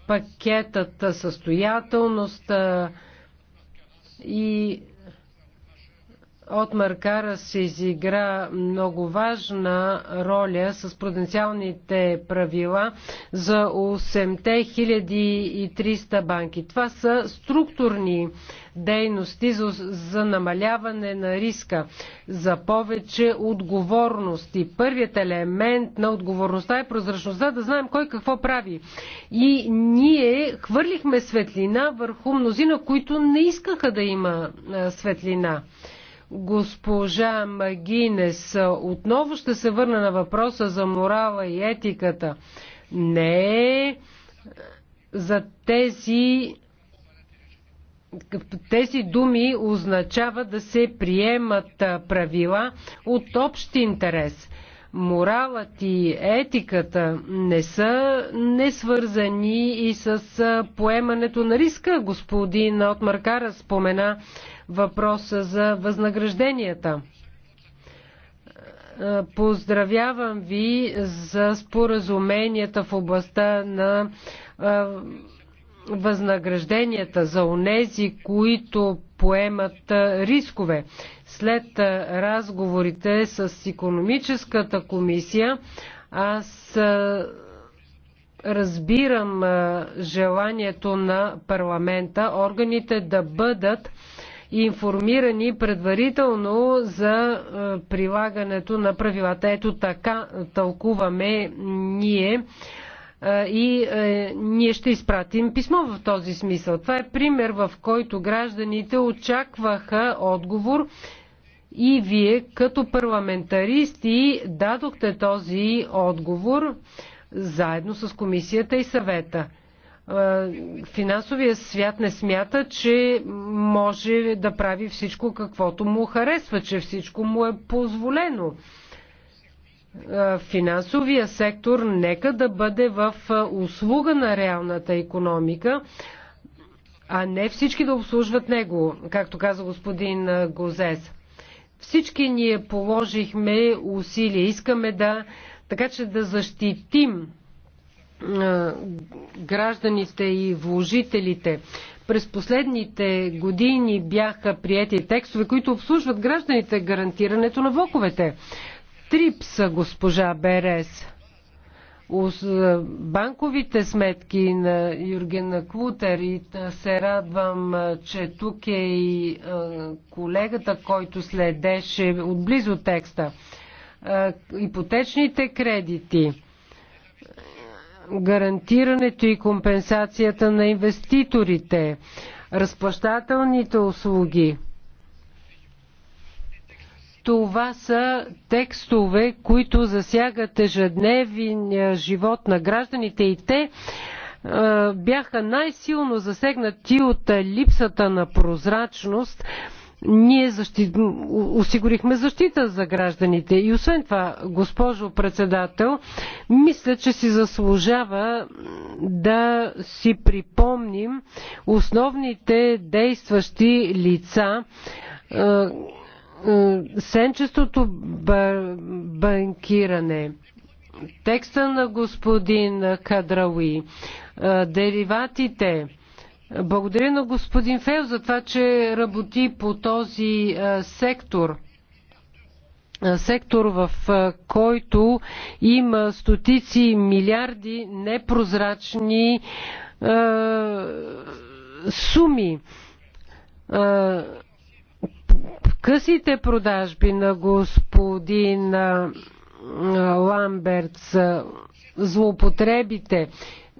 пакетът състоятелност и от се изигра много важна роля с пруденциалните правила за 8300 банки. Това са структурни дейности за, за намаляване на риска, за повече отговорност. И първият елемент на отговорността е прозрачността, да знаем кой какво прави. И ние хвърлихме светлина върху мнозина, които не искаха да има светлина госпожа Магинес. Отново ще се върна на въпроса за морала и етиката. Не е за тези тези думи означават да се приемат правила от общ интерес – Моралът и етиката не са несвързани и с поемането на риска. Господин Отмаркара спомена въпроса за възнагражденията. Поздравявам ви за споразуменията в областта на възнагражденията за онези, които поемат рискове. След разговорите с економическата комисия, аз разбирам желанието на парламента органите да бъдат информирани предварително за прилагането на правилата. Ето така тълкуваме ние и ние ще изпратим писмо в този смисъл. Това е пример, в който гражданите очакваха отговор и вие като парламентаристи дадохте този отговор заедно с комисията и съвета. Финансовия свят не смята, че може да прави всичко каквото му харесва, че всичко му е позволено финансовия сектор нека да бъде в услуга на реалната економика, а не всички да обслужват него, както каза господин Гозес. Всички ние положихме усилия. Искаме да, така че да защитим гражданите и вложителите. През последните години бяха приети текстове, които обслужват гражданите гарантирането на влоковете. Трипса, госпожа Берес. Е, банковите сметки на Юрген Клутер и се радвам, е, че тук е и е, колегата, който следеше отблизо текста. Ипотечните кредити, гарантирането и компенсацията на инвеститорите, разплащателните услуги, това са текстове, които засягат ежедневния живот на гражданите и те е, бяха най-силно засегнати от липсата на прозрачност. Ние защи... осигурихме защита за гражданите. И освен това, госпожо председател, мисля, че си заслужава да си припомним основните действащи лица е, сенчестото банкиране, текста на господин Кадрауи, е, дериватите. Благодаря на господин Фел за това, че работи по този е, сектор е, сектор, в който има стотици милиарди непрозрачни е, суми. Е, късите продажби на господин Ламбертс, злоупотребите,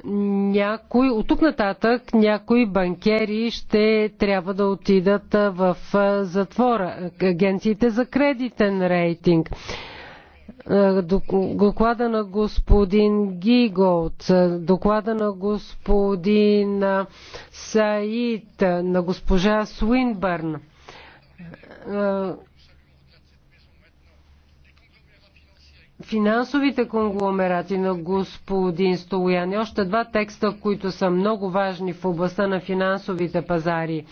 някой, от тук нататък някои банкери ще трябва да отидат в затвора. Агенциите за кредитен рейтинг. Доклада на господин Гиголт, доклада на господин Саид, на госпожа Свинбърн. Е, финансовите конгломерати на господин и Още два текста, които са много важни в областта на финансовите пазари.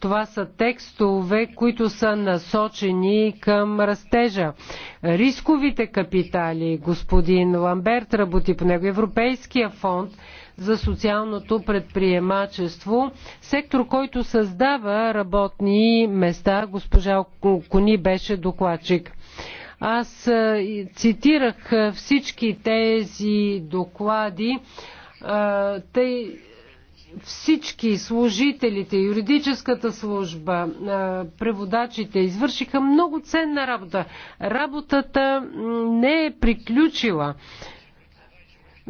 Това са текстове, които са насочени към растежа. Рисковите капитали, господин Ламберт работи по него, Европейския фонд за социалното предприемачество, сектор, който създава работни места. Госпожа Кони беше докладчик. Аз цитирах всички тези доклади, тъй всички служителите, юридическата служба, преводачите извършиха много ценна работа. Работата не е приключила.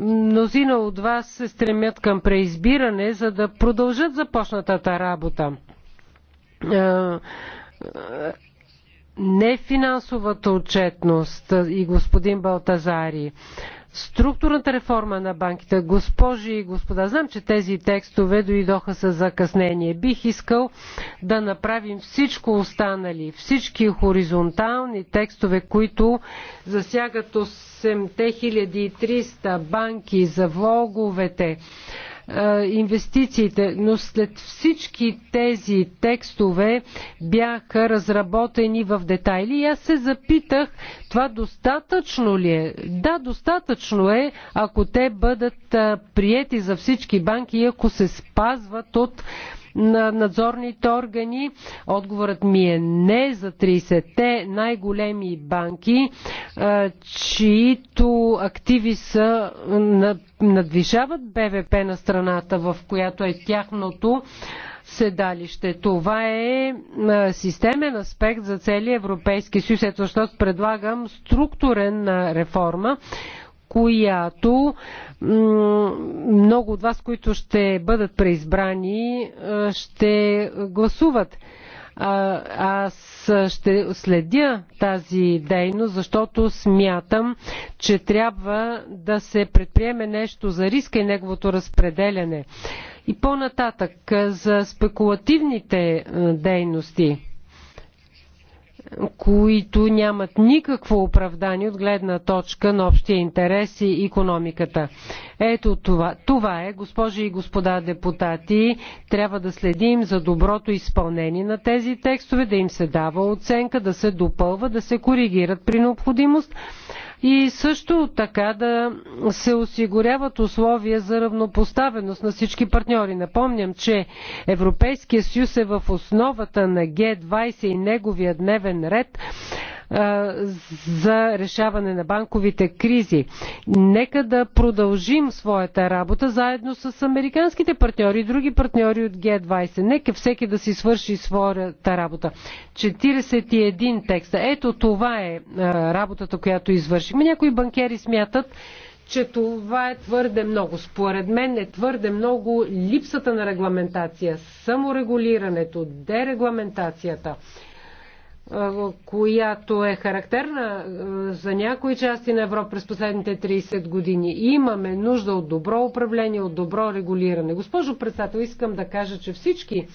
Мнозина от вас се стремят към преизбиране, за да продължат започнатата работа. Е, е, не финансовата отчетност е, и господин Балтазари структурната реформа на банките. Госпожи и господа, знам, че тези текстове дойдоха с закъснение. Бих искал да направим всичко останали, всички хоризонтални текстове, които засягат 8300 банки за влоговете, е, инвестициите, но след всички тези текстове бяха разработени в детайли и аз се запитах това достатъчно ли е? Да, достатъчно е, ако те бъдат е, приети за всички банки и ако се спазват от на надзорните органи? Отговорът ми е не за 30-те най-големи банки, чието активи са надвижават БВП на страната, в която е тяхното седалище. Това е системен аспект за целия Европейски съюз. Ето защото предлагам структурен реформа, която много от вас, които ще бъдат преизбрани, ще гласуват. Аз ще следя тази дейност, защото смятам, че трябва да се предприеме нещо за риска и неговото разпределяне. И по-нататък за спекулативните дейности които нямат никакво оправдание от гледна точка на общия интерес и економиката. Ето това. Това е, госпожи и господа депутати, трябва да следим за доброто изпълнение на тези текстове, да им се дава оценка, да се допълва, да се коригират при необходимост и също така да се осигуряват условия за равнопоставеност на всички партньори. Напомням, че Европейския съюз е в основата на Г20 и неговия дневен ред за решаване на банковите кризи. Нека да продължим своята работа заедно с американските партньори и други партньори от Г20. Нека всеки да си свърши своята работа. 41 текста. Ето това е работата, която извършихме. Някои банкери смятат, че това е твърде много. Според мен е твърде много липсата на регламентация, саморегулирането, дерегламентацията – която е характерна за някои части на Европа през последните 30 години. И имаме нужда от добро управление, от добро регулиране. Госпожо председател, искам да кажа, че всички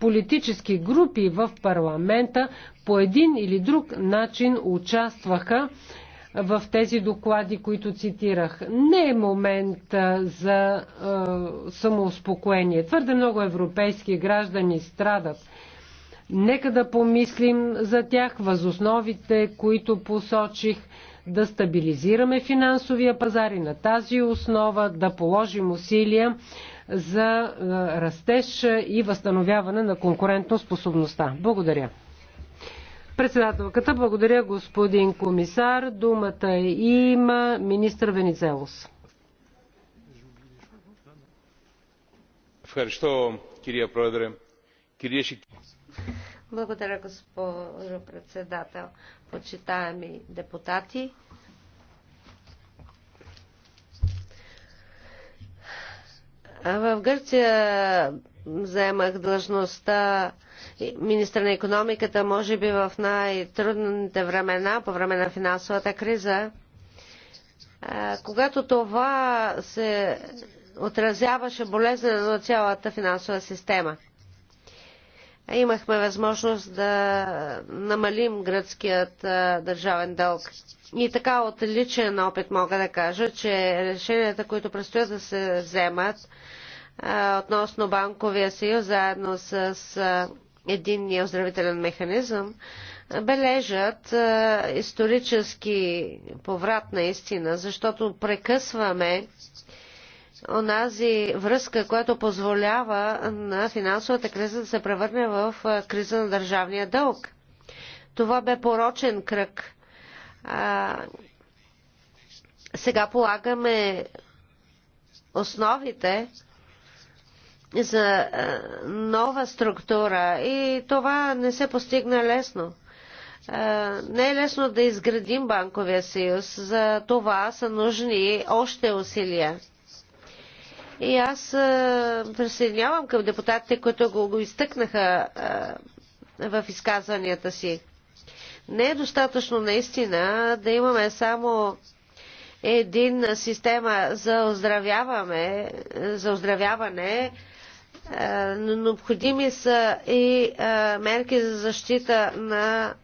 политически групи в парламента по един или друг начин участваха в тези доклади, които цитирах. Не е момент за е, самоуспокоение. Твърде много европейски граждани страдат Нека да помислим за тях възосновите, които посочих, да стабилизираме финансовия пазар и на тази основа да положим усилия за е, растеж и възстановяване на способността. Благодаря. Председателката, благодаря господин комисар. Думата има министър Венецелос. кирия проведре. Кирия Κυρίες благодаря, госпожо председател. Почитаеми депутати, В Гърция заемах длъжността министър на економиката, може би в най-трудните времена, по време на финансовата криза. Когато това се отразяваше болезнено на цялата финансова система – имахме възможност да намалим гръцкият държавен дълг. И така от личен опит мога да кажа, че решенията, които предстоят да се вземат относно банковия съюз, заедно с единния оздравителен механизъм, бележат исторически поврат наистина, защото прекъсваме онази връзка, която позволява на финансовата криза да се превърне в криза на държавния дълг. Това бе порочен кръг. А, сега полагаме основите за нова структура и това не се постигна лесно. Не е лесно да изградим банковия съюз, за това са нужни още усилия. И аз присъединявам към депутатите, които го, го изтъкнаха в изказванията си. Не е достатъчно наистина да имаме само един система за оздравяване, за оздравяване но необходими са и мерки за защита на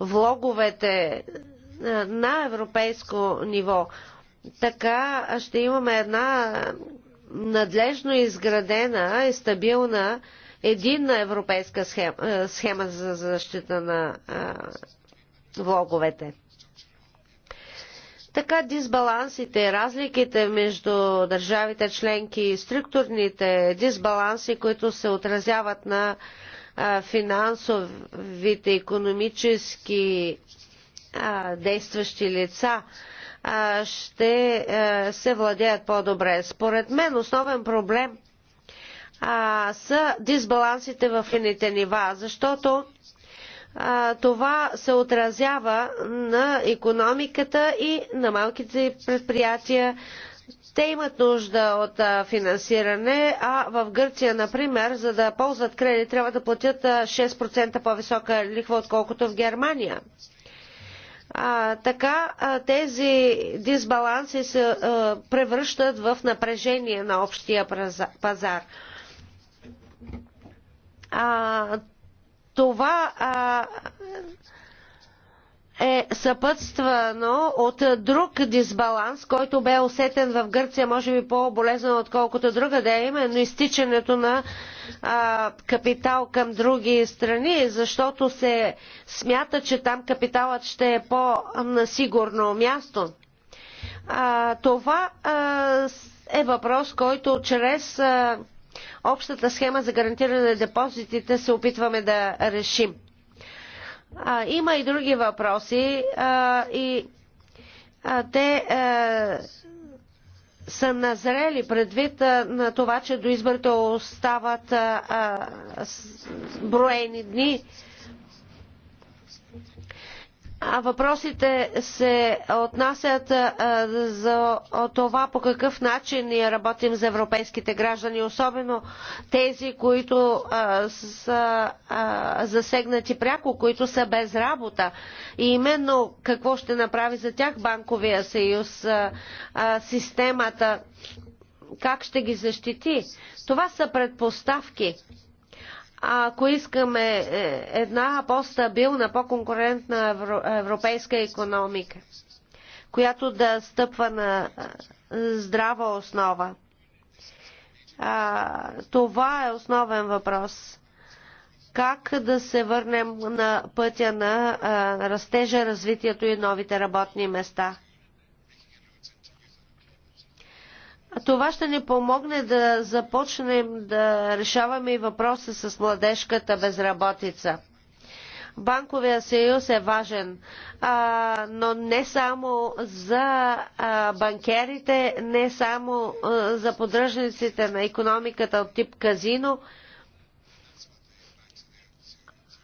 влоговете на европейско ниво. Така ще имаме една надлежно изградена и стабилна единна европейска схема, е, схема за защита на а, е, влоговете. Така дисбалансите, разликите между държавите членки и структурните дисбаланси, които се отразяват на е, финансовите, економически а, действащи лица, ще се владеят по-добре. Според мен основен проблем са дисбалансите в ените нива, защото това се отразява на економиката и на малките предприятия. Те имат нужда от финансиране, а в Гърция, например, за да ползват кредит, трябва да платят 6% по-висока лихва, отколкото в Германия. А, така тези дисбаланси се а, превръщат в напрежение на общия пазар. А, това а, е съпътствано от друг дисбаланс, който бе усетен в Гърция, може би по-болезнен отколкото друга, да е именно изтичането на а, капитал към други страни, защото се смята, че там капиталът ще е по-насигурно място. А, това а, е въпрос, който чрез а, общата схема за гарантиране на депозитите се опитваме да решим. А, има и други въпроси а, и а, те са назрели предвид на това, че до изборите остават броени дни. А въпросите се отнасят за това по какъв начин ние работим за европейските граждани, особено тези, които са засегнати пряко, които са без работа. И именно какво ще направи за тях банковия съюз, системата, как ще ги защити. Това са предпоставки ако искаме е, една по-стабилна, по-конкурентна европейска економика, която да стъпва на е, здрава основа. А, това е основен въпрос. Как да се върнем на пътя на а, е, растежа, развитието и новите работни места? Това ще ни помогне да започнем да решаваме и въпроса с младежката безработица. Банковия съюз е важен, а, но не само за а, банкерите, не само а, за поддръжниците на економиката от тип казино,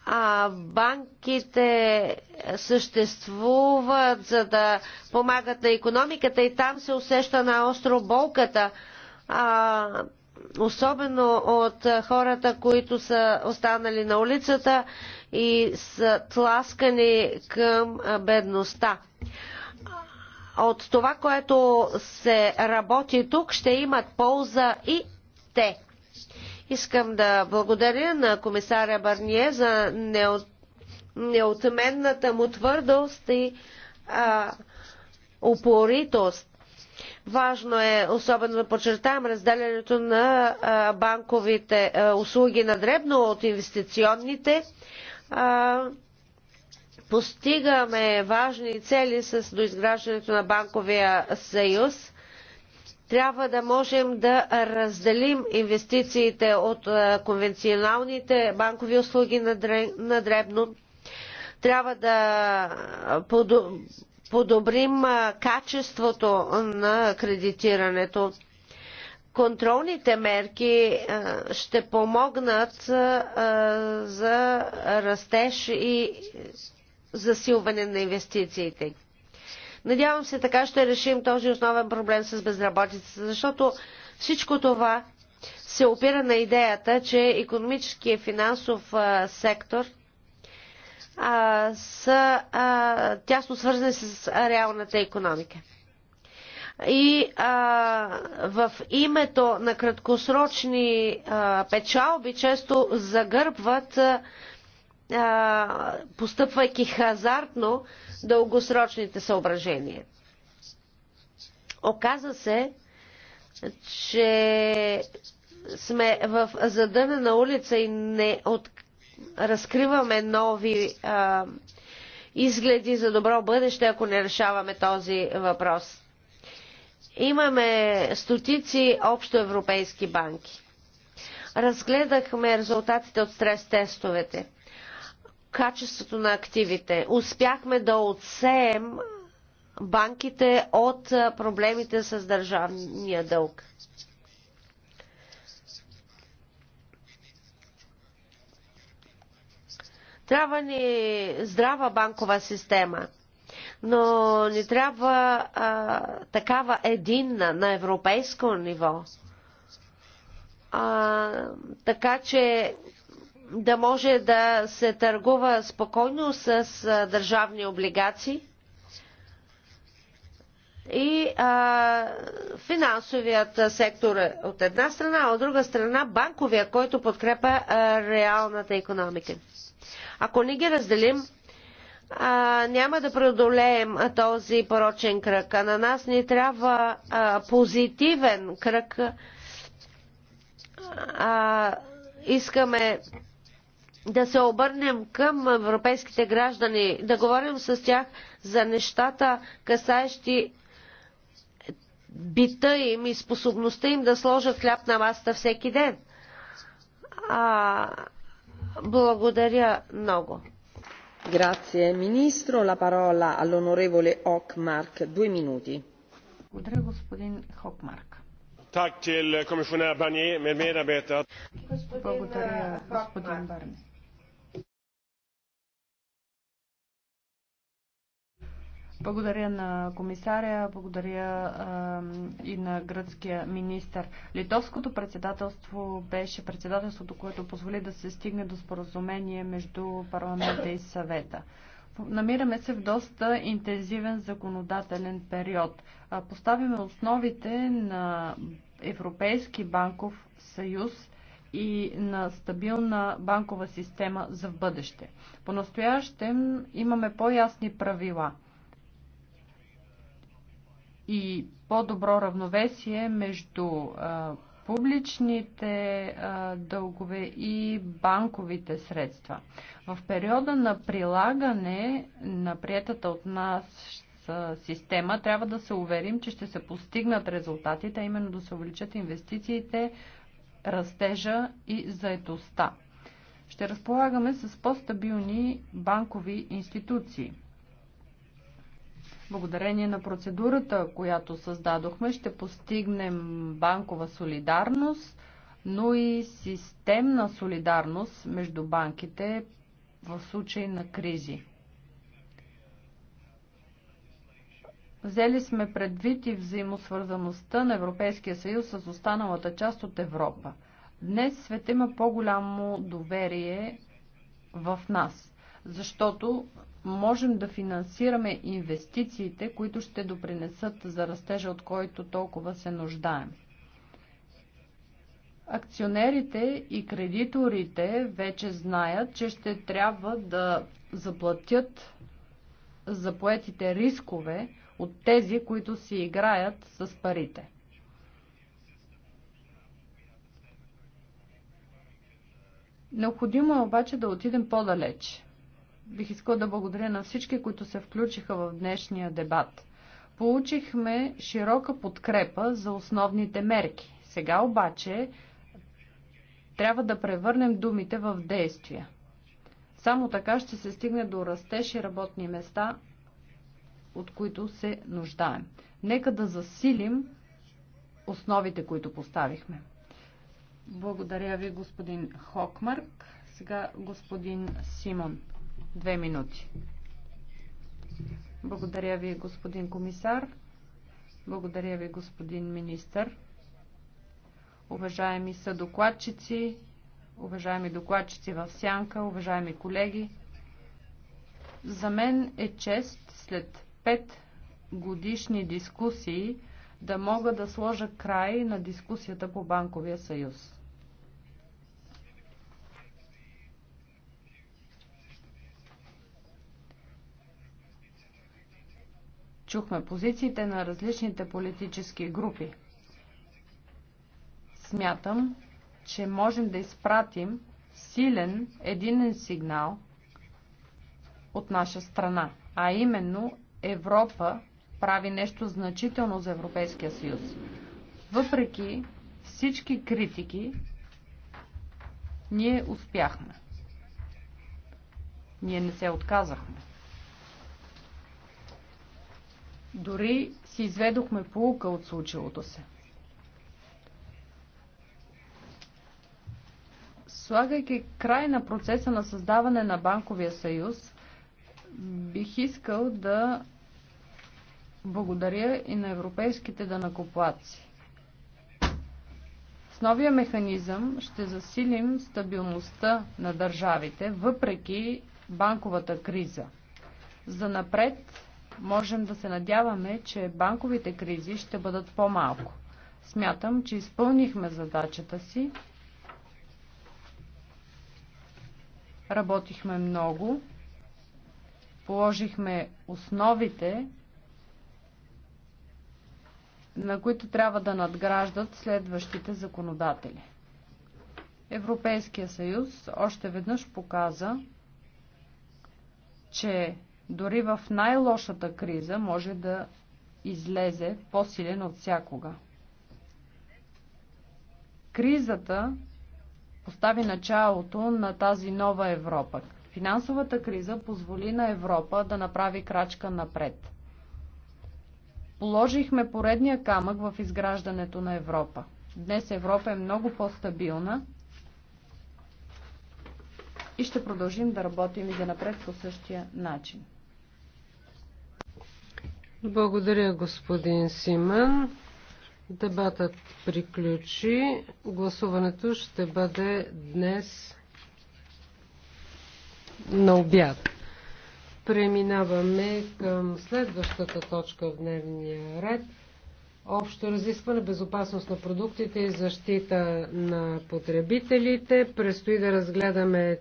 а, банките съществуват за да помагат на економиката и там се усеща на остро болката. А, особено от хората, които са останали на улицата и са тласкани към бедността. От това, което се работи тук, ще имат полза и те. Искам да благодаря на комисаря Барние за неотменната му твърдост и а, упоритост. Важно е особено да подчертаем разделянето на а, банковите а, услуги на дребно от инвестиционните. А, постигаме важни цели с доизграждането на банковия съюз трябва да можем да разделим инвестициите от е, конвенционалните банкови услуги на дребно. Трябва да подобрим е, качеството на кредитирането. Контролните мерки е, ще помогнат за растеж и засилване на инвестициите. Надявам се така ще решим този основен проблем с безработицата, защото всичко това се опира на идеята, че економически и финансов сектор а, са а, тясно свързани с реалната економика. И а, в името на краткосрочни а, печалби често загърбват а, постъпвайки хазартно дългосрочните съображения. Оказа се, че сме в задънена улица и не от... разкриваме нови а, изгледи за добро бъдеще, ако не решаваме този въпрос. Имаме стотици общоевропейски банки. Разгледахме резултатите от стрес-тестовете качеството на активите. Успяхме да отсеем банките от проблемите с държавния дълг. Трябва ни здрава банкова система, но ни трябва а, такава единна на европейско ниво. А, така че да може да се търгува спокойно с държавни облигации и а, финансовият сектор е от една страна, а от друга страна банковия, който подкрепа реалната економика. Ако не ги разделим, а, няма да преодолеем този порочен кръг. А на нас ни трябва а, позитивен кръг. А, искаме да се обърнем към европейските граждани, да говорим с тях за нещата, касаещи бита им и способността им да сложат хляб на масата всеки ден. А, благодаря много. Grazie Ministro, la parola all'onorevole Hockmark, due minuti. Благодаря господин Хокмарк. Tack till kommissionär Barnier med medarbetare. Благодаря господин Барни. Благодаря на комисаря, благодаря а, и на гръцкия министр. Литовското председателство беше председателството, което позволи да се стигне до споразумение между парламента и съвета. Намираме се в доста интензивен законодателен период. Поставяме основите на Европейски банков съюз и на стабилна банкова система за в бъдеще. По-настоящем имаме по-ясни правила – и по-добро равновесие между публичните а, дългове и банковите средства. В периода на прилагане на приятата от нас система трябва да се уверим, че ще се постигнат резултатите, а именно да се увеличат инвестициите, растежа и заетостта. Ще разполагаме с по-стабилни банкови институции – Благодарение на процедурата, която създадохме, ще постигнем банкова солидарност, но и системна солидарност между банките в случай на кризи. Взели сме предвид и взаимосвързаността на Европейския съюз с останалата част от Европа. Днес света има по-голямо доверие в нас защото можем да финансираме инвестициите, които ще допринесат за растежа, от който толкова се нуждаем. Акционерите и кредиторите вече знаят, че ще трябва да заплатят за поетите рискове от тези, които си играят с парите. Необходимо е обаче да отидем по далече бих искала да благодаря на всички, които се включиха в днешния дебат. Получихме широка подкрепа за основните мерки. Сега обаче трябва да превърнем думите в действия. Само така ще се стигне до растеж и работни места, от които се нуждаем. Нека да засилим основите, които поставихме. Благодаря ви, господин Хокмарк. Сега господин Симон. Две минути. Благодаря ви, господин комисар. Благодаря ви, господин министър. Уважаеми съдокладчици, уважаеми докладчици в сянка, уважаеми колеги, за мен е чест след пет годишни дискусии да мога да сложа край на дискусията по Банковия съюз. чухме позициите на различните политически групи. Смятам, че можем да изпратим силен единен сигнал от наша страна, а именно Европа прави нещо значително за Европейския съюз. Въпреки всички критики, ние успяхме. Ние не се отказахме. Дори си изведохме полука от случилото се. Слагайки край на процеса на създаване на банковия съюз, бих искал да благодаря и на европейските данакоплаци. С новия механизъм ще засилим стабилността на държавите, въпреки банковата криза. За напред можем да се надяваме, че банковите кризи ще бъдат по-малко. Смятам, че изпълнихме задачата си. Работихме много. Положихме основите, на които трябва да надграждат следващите законодатели. Европейския съюз още веднъж показа, че дори в най-лошата криза може да излезе по-силен от всякога. Кризата постави началото на тази нова Европа. Финансовата криза позволи на Европа да направи крачка напред. Положихме поредния камък в изграждането на Европа. Днес Европа е много по-стабилна и ще продължим да работим и да напред по същия начин. Благодаря, господин Симан. Дебатът приключи. Гласуването ще бъде днес на обяд. Преминаваме към следващата точка в дневния ред. Общо разискване безопасност на продуктите и защита на потребителите. Престои да разгледаме